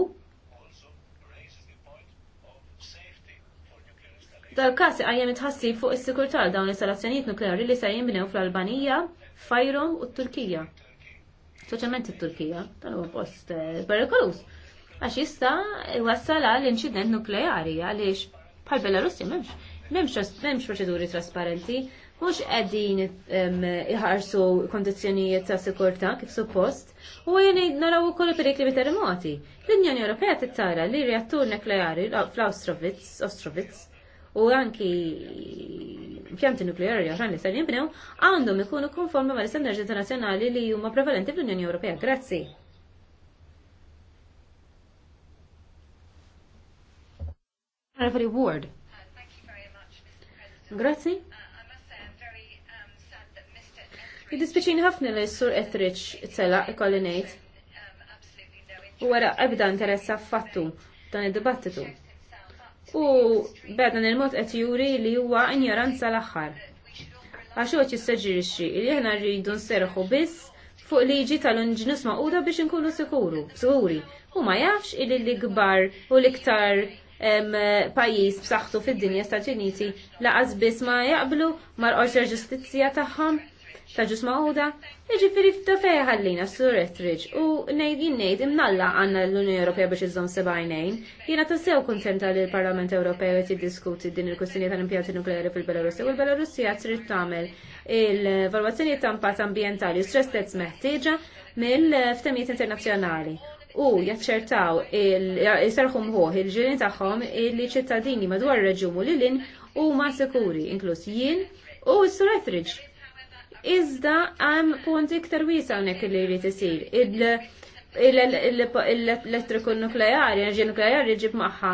Dal-kas għajjem itħassi fuq is-sikurtà dawn l-installazzjonijiet nukleari li se jinbnew fl-Albanija, Fajrom u t-Turkija. Soċjalment it-Turkija, dan huwa post barikolus. Eh, Għax jista' wassala għal inċident nukleari għaliex bħal Belarusja m'hemmx m'hemmx proċeduri trasparenti, mhux qegħdin ehm, iħarsu kondizjonijiet ta' sikurtà kif suppost, u għajni naraw ukoll perikli bi terremoti. L-Unjoni Ewropea tittara li reattur nukleari fl austrovitz Ostrovitz, u anki pjanti nukleari għaxan li ser jibnew għandhom ikunu konformi ma l-istandards internazzjonali li huma prevalenti fl-Unjoni Ewropea. Grazzi. Reverie Ward. Grazzi. Jiddispiċin ħafna li s-sur Etrich tela ikolli ngħid. U għara ebda interess fattu dan id-dibattitu. U b'dan il-mod qed juri li huwa injoranza l-aħħar. Għax huwa jissaġġirixxi li aħna rridu nserħu biss fuq liġi tal-unġnus maquda biex inkunu sikuru, sikuri. U ma jafx illi li gbar u liktar iktar pajjiż b'saħħtu fid-dinja Stati Uniti laqas biss ma jaqblu mal ta' ġustizzja tagħhom ta' ġus mawda, Jiġifieri ta' fej ħallina sur Etheridge u ngħid jien ngħid, imnalla għandna l-Unjoni Ewropea biex seba' jnejn. Jiena ta' sew kuntenta li l-Parlament Ewropew qed jiddiskuti din il kwistjoni tal-impjanti nukleari fil-Belarusja u l-Belarusja trid tagħmel il-valwazzjoni ta' impatt ambientali u stress tests meħtieġa mill-ftemijiet internazzjonali u jaċċertaw il-serħu mħuħ il taħħom tagħhom li ċittadini madwar reġjun u lilin huma sikuri, inkluż jien u s-sur Iżda hemm punt iktar wiesa hawnhekk li jrid isir. il elettriku nukleari, enerġija nukleari ġib magħha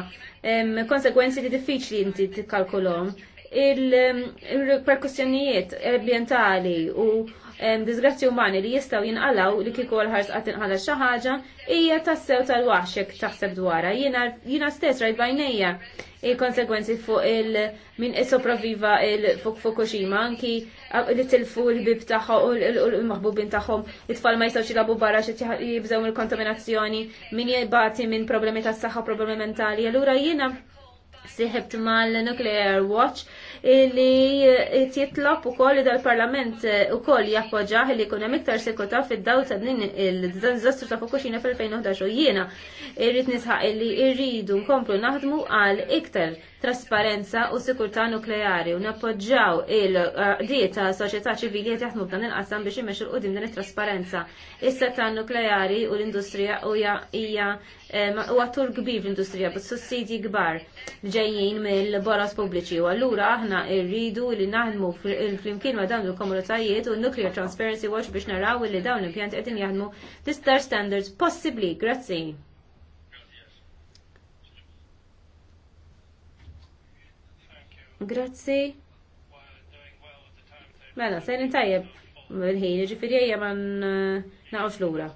konsekwenzi li diffiċli inti tikkalkulhom il-perkussjonijiet ambientali u disgrazzi umani li jistaw jinqalaw li kiku għalħarż ħars għatin għala xaħġa hija tassew tal waxek taħseb dwara. Jiena stess rajt bajnejja il-konsekwenzi fuq il- min e sopravviva fuq Fukushima, anki li tilfu l-bib taħħom u l-maħbubin taħħom, it-tfal ma jistawx jilabu barra xe jibżaw il-kontaminazzjoni, min jibati minn problemi tas saħħa problemi mentali. Allura jiena siħibt mal-Nuclear Watch li eh, tjitlob ukoll li dal-Parlament eh, ukoll jappoġaħ li jkun hemm iktar fil fid-dawl ta' din il-diżastru ta' Fukushima fil-2011 u jiena irrid nisħaq li irridu nkomplu naħdmu għal iktar trasparenza u sikurtà nukleari u nappoġġaw il-diet ta' soċjetà ċivili qed jaħdmu b'dan il-qasam biex imexxu l-qudiem din it-trasparenza. Is-setta nukleari u l-industrija hija eh, huwa tur kbir l-industrija bis sussidji kbar ġejjin mill boras pubbliċi u allura aħna aħna rridu li naħdmu fl-imkien ma dawn il-komunitajiet u nuclear transparency watch biex naraw li dawn il-pjant qegħdin jaħdmu l-istar standards possibly. Grazzi. Grazzi. Mela, se tajjeb mill-ħin, ġifiri ejja man naqgħux lura.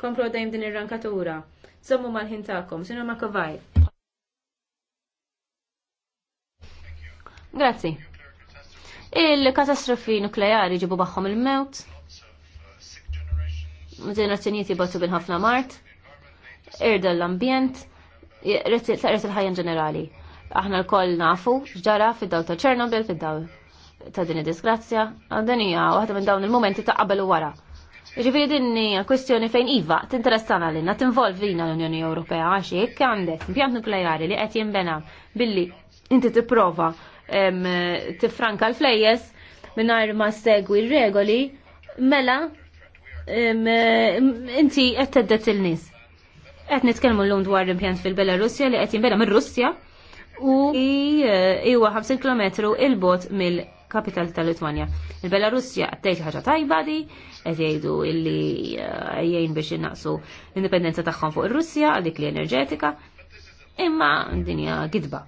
Komplu għaddejm din ir-rankatura. Sommu mal-ħin ta'kom, sinu ma kovaj. Grazzi. Il-katastrofi nukleari ġibu baħħom il-mewt. Ġenerazzjonijiet jibatu bil-ħafna mart. Irda l-ambjent. Taqret il-ħajja ġenerali. Aħna l-koll nafu ġara fid-dawl ta' Ċernobil, fid-dawl ta' din id-disgrazzja. Ah, dan hija waħda minn dawn il-momenti ta' qabel u wara. Ġifiri hija kwestjoni fejn Iva, t-interessana l-inna, t l-Unjoni Ewropea, għaxi, jekk għandek impjant nukleari li qed jinbena billi inti tipprova tifranka l-flejjes mingħajr ma segwi r-regoli, mela inti qed teddet il-nies. Qed nitkellmu llum dwar impjant fil-Belarusja li qed jinbeda mir-Russja u eh, huwa 50 km il-bot mill kapital tal-Litwanja. Il-Belarusja għattejt ħaġa tajba di, għet jgħidu illi eh, jgħin biex innaqsu l-indipendenza tagħhom fuq ir-Russja għal dik li enerġetika, Imma dinja gidba.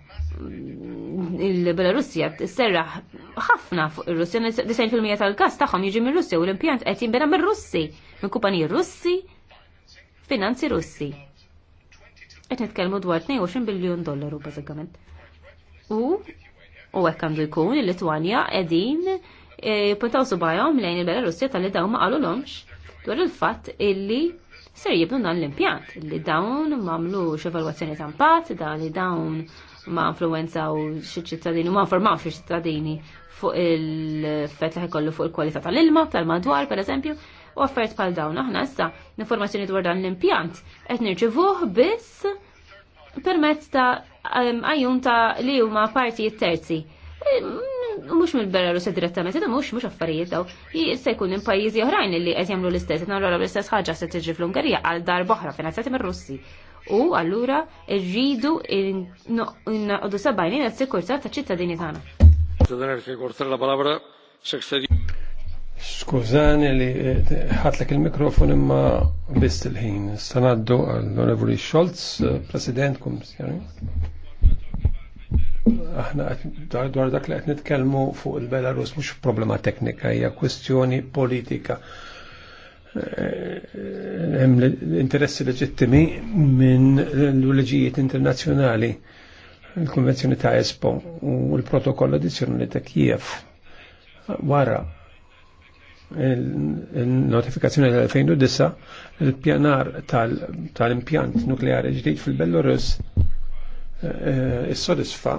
Il-Belarusja serraħ ħafna fuq ir-Russja, 90% tal-gas tagħhom jiġi mir-Russja u l-impjant qed jinbena mir-Russi, minn kupani Russi, finanzi Russi. Qed nitkellmu dwar 22 biljun dollaru bażikament. U u hekk għandu jkun il-Litwanja qegħdin jippuntaw eh, subajhom lejn il-Belarusja tal-li dawn ma qalulhomx dwar il-fatt illi ser jibnu dan l-impjant li dawn mamlu evalwazzjoni ta' impatt, da li dawn ma' influenza u xie-ċittadini, ma' informaw xie ċittadini fuq il-fet li fuq il kualità tal-ilma, tal-madwar, per eżempju, u offert pal dawn. Aħna issa l-informazzjoni dwar dan l-impjant qed nirċivuh biss permezz ta' għajjun ta' li huma partijiet terzi mhux mill-Belarus direttament, da mhux mhux affarijiet daw. Jista' jkun hemm pajjiżi oħrajn li qed jagħmlu l-istess, qed nagħmlu l-istess ħaġa se tiġi fl-Ungerija għal dar boħra finanzjati mir-Russi. U allura rridu naqdu sabajnin għas sikurtà ta' ċittadini tagħna. Skużani li eh, ħatlek il-mikrofon imma biss il-ħin. Sanaddu għal onorevoli Scholz, eh, President Komissjoni aħna dwar dak li qed nitkellmu fuq il-Belarus mhux problema teknika, hija kwestjoni politika. Eh, hemm interessi leġittimi minn l-leġijiet internazzjonali il-Konvenzjoni ta' Espo u l-protokoll addizzjonali ta' Kiev wara il-notifikazzjoni tal-2009 il-pjanar tal-impjant nukleari ġdid fil-Belarus Eh, s-sodisfa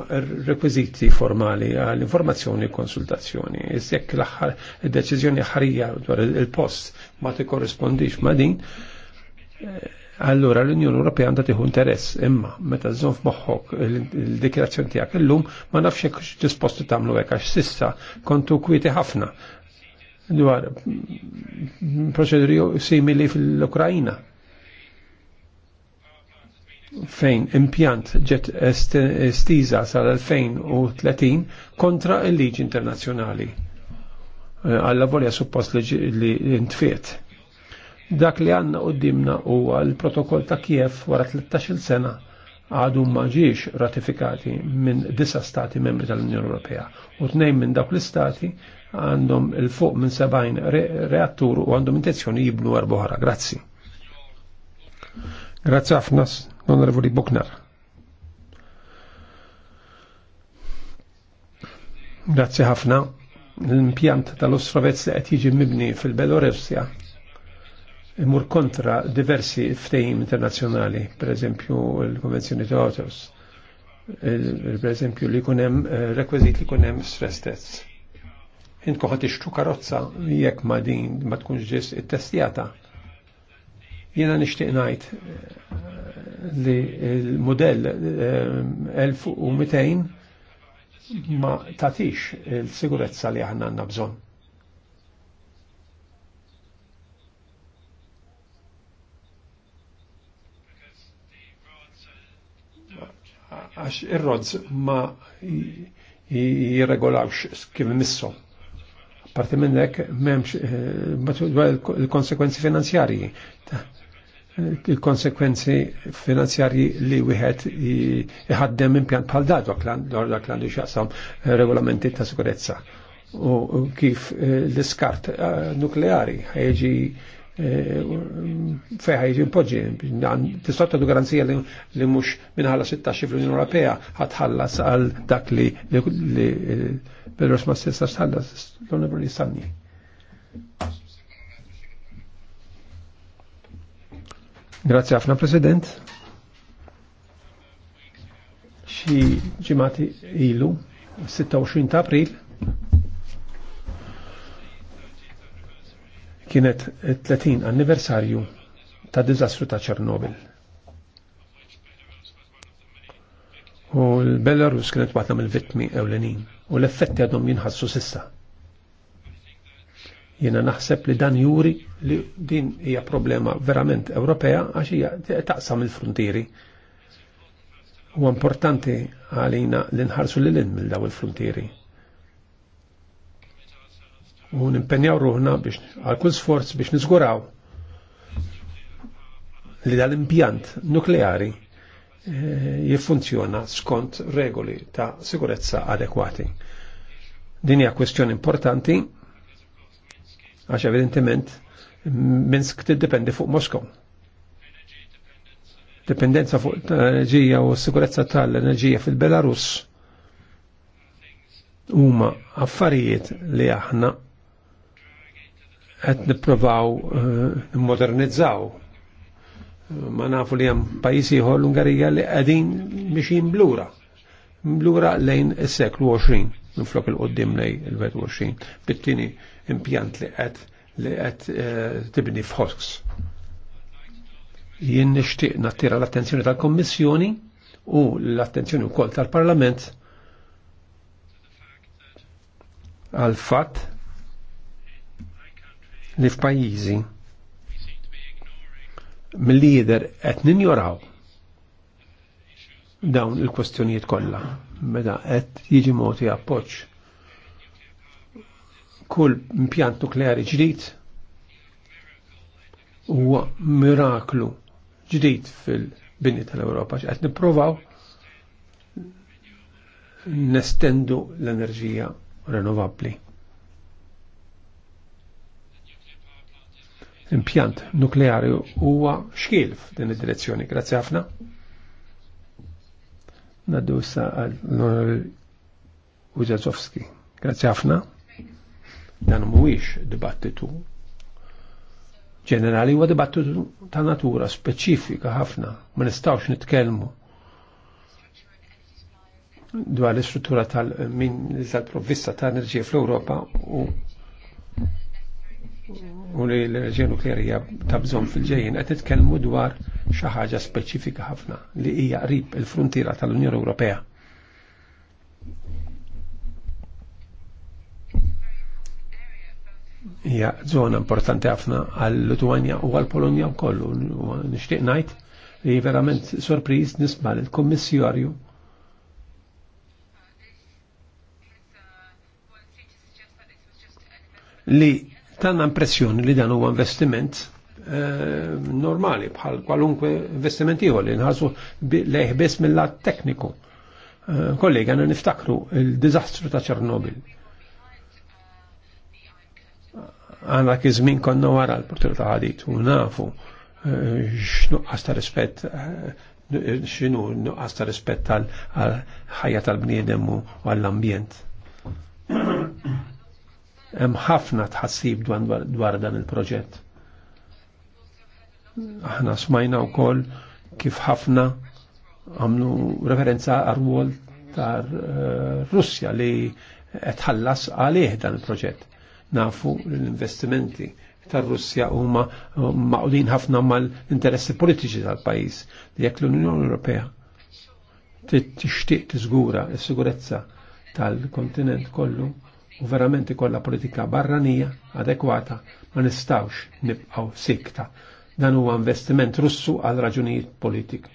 rekwiziti formali għall-informazzjoni u konsultazzjoni. Jekk l-deċizjoni ħarija dwar il-post ma ti korrispondix ma din, eh, allora l-Unjoni Ewropea għandha tiħu interess imma meta żżomm moħħok il-dikjerazzjoni tiegħek illum ma nafx hekk disposti tagħmlu hekk għax sissa kontu kwieti ħafna dwar proċeduri simili fil-Ukrajina fejn impjant ġet stiża sal-2030 kontra il-liġi internazjonali. Eh, Għalla volja suppost li intfiet. Dak li għanna dimna huwa l-protokoll ta' Kiev wara 13 sena għadu maġiex ratifikati minn disa stati membri tal-Unjoni Ewropea. U tnejn minn dawk l-istati għandhom il-fuq minn 70 reattur u għandhom intenzjoni jiblu għarbohara. Grazzi. Grazzi għafnas. Onorevoli Boknar. Grazzi ħafna. L-impjant tal-Ostrovezz li qed jiġi mibni fil-Belorussja imur kontra diversi ftehim internazzjonali, per eżempju l-Konvenzjoni ta' Autos, per eżempju li hemm eh, rekwiżit li hemm stress tests. Intko ħatixtru karozza jekk ma din ma tkunx ġis ittestjata. Jena nishtiq najt eh, li l-modell 1200 eh, ma tatix il-sigurezza li aħna għanna bżon. Għax ir-rodz ma jirregolawx kif nisso. Parti minn hekk m'hemmx eh, il-konsekwenzi finanzjarji il-konsekwenzi finanzjarji li wieħed iħaddem impjant bħal da dak l-għandu xaqsam eh, regolamenti ta' sikurezza u kif eh, l-iskart eh, nukleari ħajġi fejn ħajġi t-istotta du garanzija li mux minnħalla 16 fl-Unjoni Ewropea ħatħallas għal dak li bil-Rosma stessa tħallas l-Onorevoli Sanni. Grazie ħafna President. Xi ġimati ilu, 26 ta' April, kienet 30 anniversarju ta' dizastru ta' Ċernobil. U l-Belarus kienet waħda mill-vittmi ewlenin u l-effetti għadhom jinħassu sissa. Jiena naħseb li dan juri li din hija problema verament Ewropea għax hija taqsam il-frontieri. U importanti għalina li nħarsu lil in mill daw il-frontieri. U nimpenjaw ruħna biex għal kull sforz biex niżguraw li dal-impjant nukleari eh, jiffunzjona skont regoli ta' sigurezza adekwati. Din hija kwestjoni importanti għax evidentement Minsk tiddependi fuq Moskow. Dependenza fuq enerġija u s-sigurezza tal-enerġija fil-Belarus huma affarijiet li aħna qed nippruvaw eh, modernizzaw. Ma nafu li hemm pajjiż ieħor l-Ungarija li qegħdin mixin blura. Blura lejn is-seklu 20 minflok il-qoddim lej il-21. Bittini impjant li qed li qed eh, tibni f'Hawks. Jien nixtieq nattira l-attenzjoni tal-Kommissjoni u l-attenzjoni wkoll tal-Parlament għal fatt li f'pajjiżi mill-lider qed ninjoraw dawn il-kwestjonijiet kollha meta qed jiġi moti appoġġ kull impjant nukleari ġdid huwa miraklu ġdid fil-bini tal-Ewropa għax qed nipprovaw nestendu l-enerġija renovabbli. Impjant nukleari huwa xkiel f'din id-direzzjoni. Grazzi ħafna. Naddu issa għal Użazowski. Grazzi ħafna. Dan mhuwiex dibattitu ġenerali huwa dibattitu ta' natura speċifika ħafna, ma nistgħux nitkellmu dwar l-istruttura tal-min iżal provvista ta' enerġija fl-Ewropa u u li l-enerġija nuklearija ta' bżonn fil-ġejjin qed nitkellmu dwar xi ħaġa speċifika ħafna li hija qrib il-fruntiera tal-Unjoni Ewropea. hija żona importanti ħafna għal Lituania u għal Polonja kollu Nixtieq ngħid li verament sorpriz nisma' l-Kummissarju li tanna impressjoni li dan huwa investiment eh, normali bħal kwalunkwe investiment ieħor li nħarsu leħbis biss mill-lat tekniku. Eh, kollega, niftakru il-diżastru ta' Ċernobil għana kizmin konna wara l-portur ta' għadit u nafu eh, x'nuqqas ta' rispet eh, x'inhu nuqqas ta' rispett għal-ħajja tal-bniedem u għall-ambjent. Hemm ħafna tħassib dwar dan il-proġett. Aħna smajna wkoll kif ħafna għamlu referenza għal-wol tar eh, Russja li għetħallas għalih dan il-proġett. Nafu l-investimenti tar-Russja huma uh, maqlin ħafna mal-interessi politiċi tal-pajjiż. Jekk l-Unjoni Ewropea tixtieq tiżgura s-sigurezza tal-kontinent kollu u verament ikolla politika barranija adekwata ma nistawx nibqgħu sikta. Dan huwa investiment Russu għal raġunijiet politik.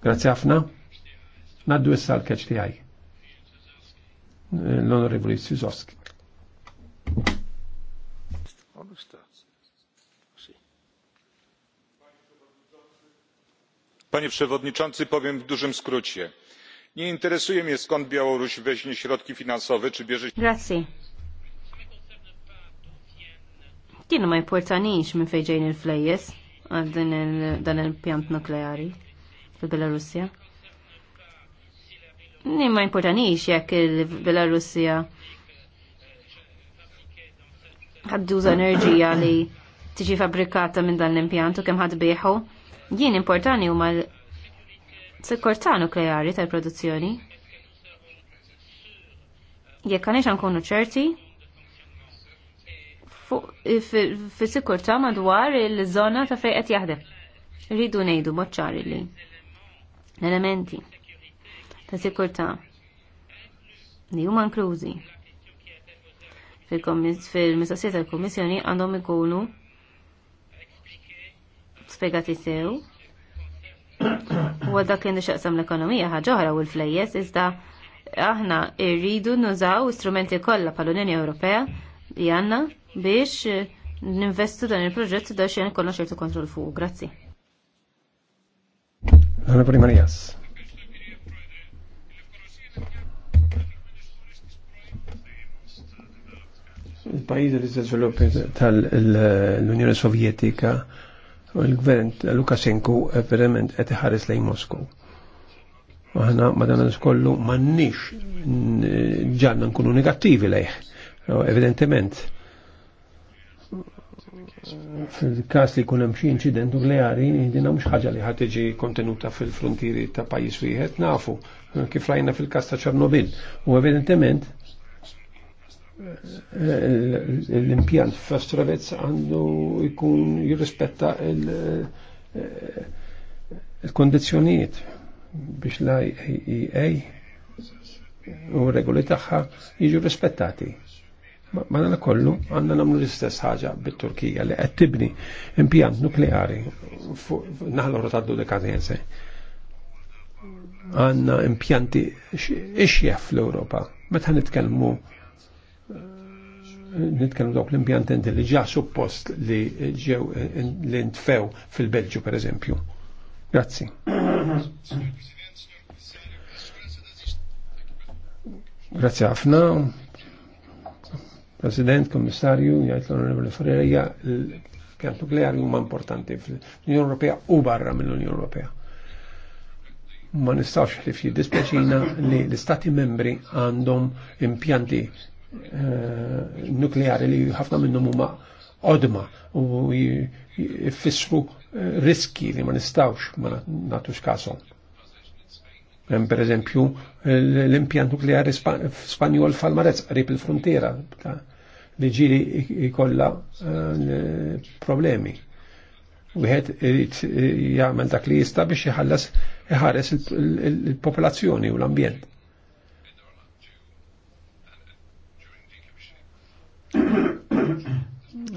Grazzi ħafna. Naddu issa l-keċ tiegħi. L-Onorevoli Sizowski. panie przewodniczący! powiem w dużym skrócie nie interesuje mnie skąd białoruś weźmie środki finansowe czy bierze. Grazie. ma jportanix minn fejn il-flejjes għal dan il-pjant nukleari fil-Belarusja. Nien ma jimportanix jekk il-Belarusja ħadduża enerġija li tiġi fabbrikata minn dan l-impjant u kemm ħadd bieħu Jien importani huma l-sikurtà nukleari tal-produzzjoni. Jekk għaniex nkunu ċerti fis-sikurtà madwar il-żona ta' fejn qed jaħdem. nejdu ngħidu moċċari li l-elementi ta' sikurtà li huma inklużi fil-mistoqsija tal komissjoni għandhom ikunu spiegat li sew. U dak li xaqsam l-ekonomija ħagħuħra u l-flejjes, iżda aħna irridu nużaw istrumenti kollha pal-Unjoni Ewropea li għanna biex ninvestu dan il-proġett da xejn ikollna ċertu kontroll fuq. Grazzi. Għana prima jas. Il-pajiz li s tal-Unjoni Sovjetika u l-gvern Lukashenko verament qed iħares lejn Moskow. Aħna madan kollu m'għandniex ġanna nkunu negattivi lejh. Evidentement, fil każ li hemm xi incident nukleari, dina mux ħaġa li ħatiġi kontenuta fil-frontieri ta' pajjiż wieħed nafu, kif rajna fil każ ta' Ċernobil. U evidentement, l-impjant f'Astravez għandu jkun jirrispetta il-kondizjonijiet eh, biex la e EA u regoli tagħha jiġu rispettati. Ma nana kollu għanna namlu l-istess ħaġa bit-Turkija li qed tibni impjant nukleari fuq naħla rotaddu dekadenze. Għanna impjanti ixjef fl-Ewropa. Meta nitkellmu nitkellmu dawk l-impjantenti li ġa suppost li ġew li ntfew fil-Belġu per eżempju. Grazzi. Grazzi ħafna. President, Kommissarju, jgħid l-Onorevoli Ferreira, l-pjant nukleari huma importanti fl-Unjoni Ewropea u barra mill-Unjoni Ewropea. Ma nistax li fjiddispeċina li l-Istati membri għandhom impjanti Eh, nukleari li ħafna minnhom huma odma u jfissru eh, riski li ma nistawx ma natux kasom. Per eżempju, eh, l-impjant nukleari Spanjol fal marez qrib il-frontiera li ġiri jkollha problemi. Wieħed irid jagħmel dak li jista' biex iħallas iħares il-popolazzjoni u l-ambjent.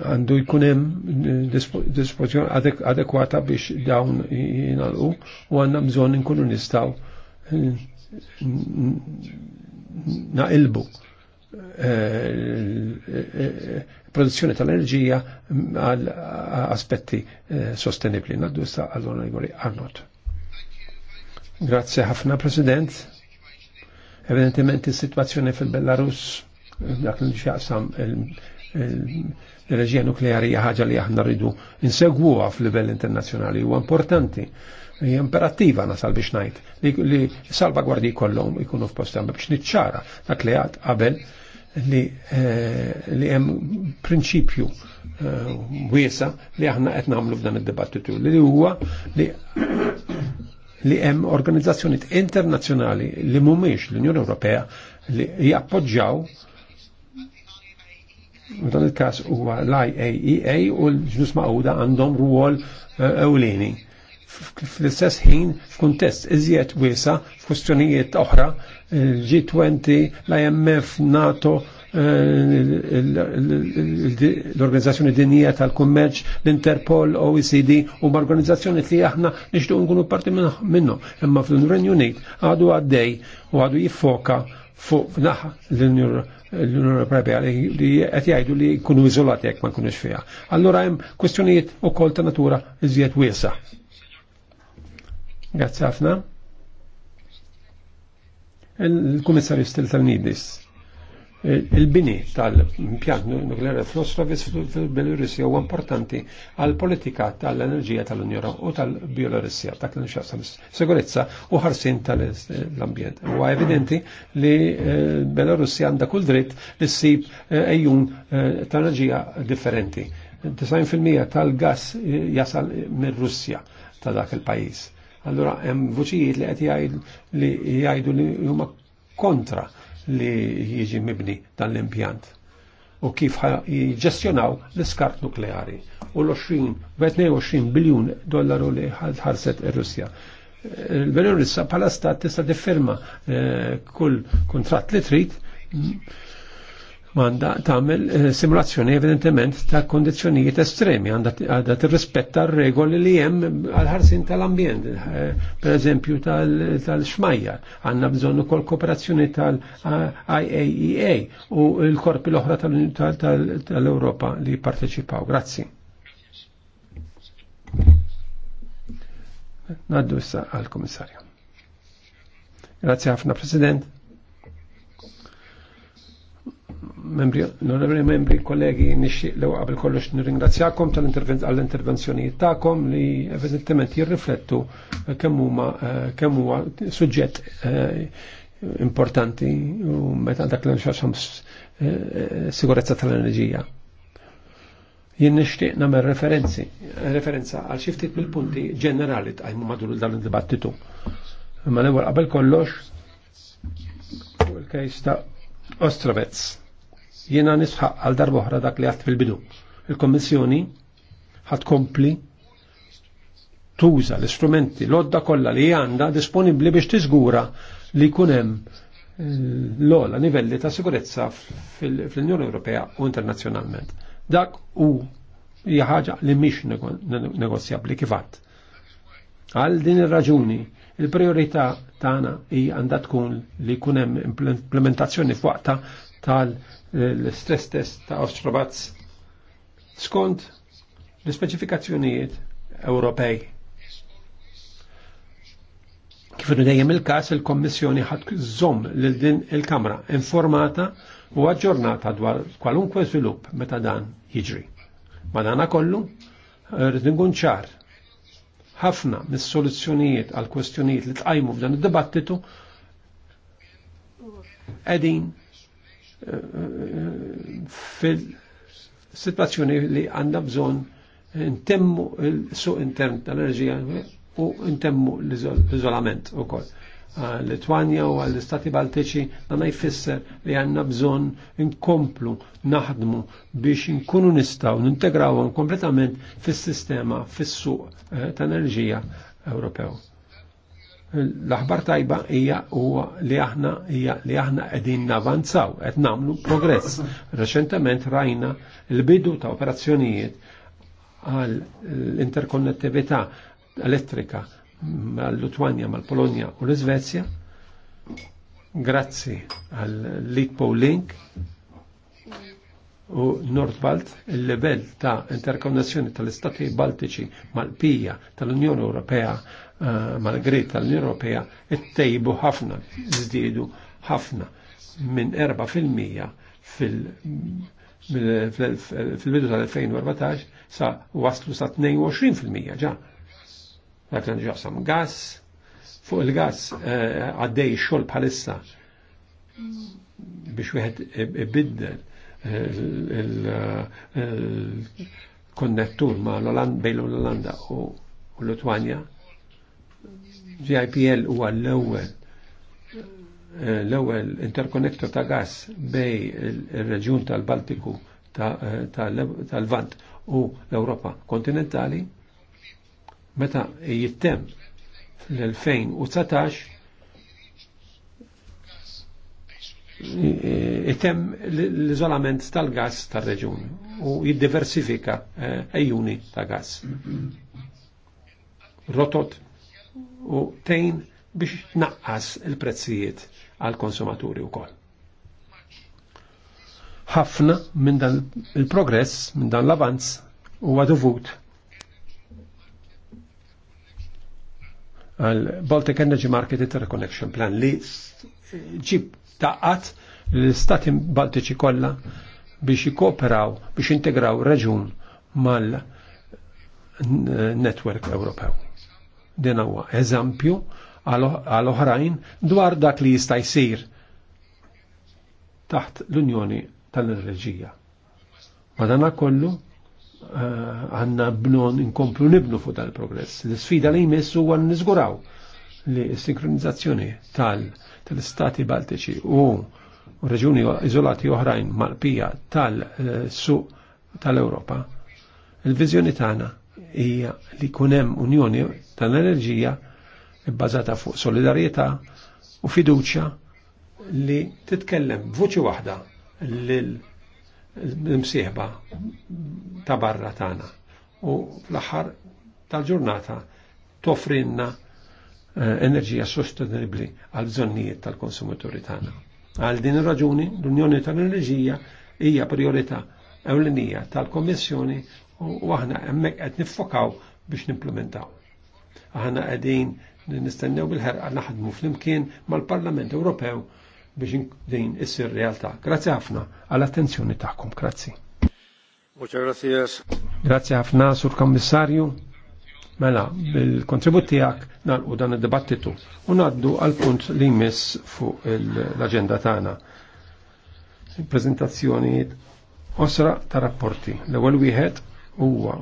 għandu jkun hemm dispożizzjoni adekwata biex dawn jingħalqu u għandna bżonn inkunu nistgħu eh, naqilbu eh, eh, produzzjoni tal-enerġija għal aspetti sostenibli. Naddu sta għall għori għannot. Grazie ħafna, President. Evidentement, il-situazzjoni fil-Belarus, dak li xaqsam L-enerġija nukleari hija ħaġa li aħna rridu insegwuha f'livell internazzjonali huwa importanti imperattiva nasal biex najt li, li salvagwardi kollom ikunu f'postam biex nitċara dak li għad qabel li eh, hemm prinċipju eh, wiesa li aħna qed nagħmlu f'dan id-dibattitu li huwa li li hemm organizzazzjonijiet internazzjonali li mhumiex l-Unjoni Ewropea li jappoġġjaw Dan il-kas huwa l-IAEA e u l-ġnus ma'uda għandhom ruol eh, ewlieni. Fl-istess ħin, f'kuntest iżjed wiesa, f'kustjonijiet oħra, G20, l-IMF, NATO, eh, l-Organizzazzjoni Dinija tal-Kummerċ, l-Interpol, OECD u organizzazzjoni li aħna nixtu nkunu parti minnu. Imma fl-Unjoni Unit għadu għaddej u għadu jiffoka fuq naħa l-Unjoni l-Unjoni Ewropea li qed jgħidu li jkunu iżolati jekk ma jkunux fiha. Allura hemm kwestjonijiet ukoll ta' natura iżjed wiesa. Grazzi ħafna. Il-Kummissarju Stil tal-Nidis il-bini tal-impjant nukleari f'Nosravis fil-Belorussja huwa importanti għal politika tal-enerġija tal-Unjora u tal-Belorussja ta' li nxaqsam sigurezza u ħarsin tal-ambjent. Huwa evidenti li eh, Belorussja għandha kull dritt li ssib eh, ejjun eh, ta' enerġija differenti. 90% tal-gas jasal minn russja ta' dak il-pajjiż. Allura hemm vuċijiet li qed jgħidu li huma kontra li jiġi mibni dan l-impjant u kif jġestjonaw l-iskart nukleari u l-20 22 biljun dollaru li ħarset ir-Russja. Il-Belarus bħala stat tista' tiffirma eh, kull kontrat li trid għanda tagħmel eh, simulazzjoni evidentement ta' kondizzjonijiet estremi, għanda tirrispetta r-regoli li hemm għal-ħarsin tal-ambjent, eh, per eżempju tal-xmajja, għandna bżonn ukoll kooperazzjoni tal-IAEA e u l-korpi l-oħra tal-Europa li parteċipaw. Grazzi. Naddu issa għal komissarja Grazzi ħafna President. membri, onorevoli membri, kollegi, nixtieq lew qabel kollox nirringrazzjakom tal-intervenzjonijiet tagħkom li evidentement jirriflettu kemm huma eh, kemm huwa suġġett eh, importanti u meta dak li nxaxam eh, sigurezza tal-enerġija. Jien nixtieq nagħmel referenzi, referenza għal xi ftit mill-punti ġenerali tqajmu madwar dan id-dibattitu. Ma l-ewwel qabel kollox il-kejs ta' Ostrovets Jiena nisħaq għal oħra dak li għat fil-bidu. Il-Kommissjoni ħad kompli tuża l-istrumenti l-odda kollha li għandha disponibbli biex tiżgura li jkun hemm eh, l-ola nivelli ta' sigurezza fl-Unjoni Ewropea u internazzjonalment. Dak u ħaġa li mhix negozjabbli kif għadd. Għal din ir-raġuni il-priorità tagħna hija għandha tkun li jkun hemm implementazzjoni f'waqta tal l-stress test ta' Ostrovaz skont l specifikazzjonijiet Ewropej. Kif dejjem il-każ il-Kommissjoni ħadd żomm lil din il-Kamra informata u aġġornata dwar kwalunkwe żvilupp meta dan jiġri. Madana kollu rrid nkun ċar. Ħafna mis-soluzzjonijiet għal kwestjonijiet li tqajmu f'dan id-dibattitu qegħdin fil-situazzjoni li għandha bżonn intemmu il-suq intern tal-enerġija u intemmu l-izolament ukoll. Litwanja u għall-Istati Baltiċi għanna jfisser li għanna bżon inkomplu naħdmu biex inkunu nistaw nintegrawhom kompletament fis-sistema fis-suq eh, ta' enerġija Ewropew l-aħbar tajba hija huwa li aħna hija li aħna qegħdin navanzaw, qed nagħmlu progress. Reċentement rajna l-bidu ta' operazzjonijiet għal l-interkonnettività elettrika mal-Lutwanja, mal-Polonja u l-Iżvezja, grazzi għal Litpo Link u Nordbalt, il-level ta' interkonnessjoni tal-Istati Baltiċi mal-Pija tal-Unjoni Ewropea mal-grid tal Europea ittejbu ħafna, zdidu ħafna minn 4% fil- fil-bidu tal-2014 sa waslu sa 22% ġa. Dak li ġaqsam gas, fuq il-gas għaddej xol bħalissa biex wieħed ibiddel il-konnettur ma l-Oland bejn l-Olanda u l-Lutwanja GIPL huwa l-ewwel eh, l-ewwel interkonnektor ta' gas bej ir-reġjun tal-Baltiku eh, tal-Vant u l-Ewropa kontinentali meta jittem fl-2019 eh, jittem l-izolament tal-gas tal reġjun u jiddiversifika ejjuni ta' gas. Rotot u tejn biex naqqas il-prezzijiet għal konsumaturi wkoll. Ħafna minn dan il-progress, minn dan l-avanz huwa dovut għal Baltic Energy Market Interconnection Plan li ġib taqqat l-stati baltiċi kollha biex jikoperaw biex integraw reġun mal-network Ewropew din huwa eżempju għal oħrajn dwar dak li jista' jsir taħt l-Unjoni tal-Enerġija. Madana kollu eh, għanna bnon inkomplu nibnu fuq dal-progress. L-sfida li jmessu huwa nizguraw li sinkronizzazzjoni tal-istati baltiċi u reġuni izolati oħrajn mal-pija tal-suq eh, tal-Europa. Il-vizjoni tagħna hija li jkun hemm unjoni tal-enerġija bbażata fuq solidarjetà u fiduċja li titkellem vuċi waħda l-msieħba ta' barra tagħna u fl-aħħar tal-ġurnata toffrinna eh, enerġija sostenibbli għal bżonnijiet tal-konsumaturi tagħna. Għal din ir-raġuni l-Unjoni tal-Enerġija hija priorità ewlenija tal-Kommissjoni u aħna hemmhekk qed niffokaw biex nimplementaw. Aħna qegħdin nistennew bil-ħerqa naħdmu flimkien mal-Parlament Ewropew biex din issir realtà. Grazzi ħafna għall-attenzjoni tagħkom. Grazzi. Grazzi ħafna sur Kommissarju. Mela, bil-kontribut tijak nalqu dan id-dibattitu u naddu għal punt li jmiss fuq l-agenda tagħna. Prezentazzjoni osra ta' rapporti. L-ewwel wieħed huwa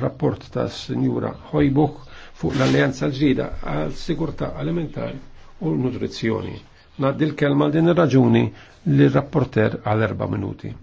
rapport ta' Sinjura Hojbuk fuq l-Alleanza ġdida għal sigurtà alimentari u nutrizzjoni. Naddil l-kelma din ir-raġuni li rapporter għal erba' minuti.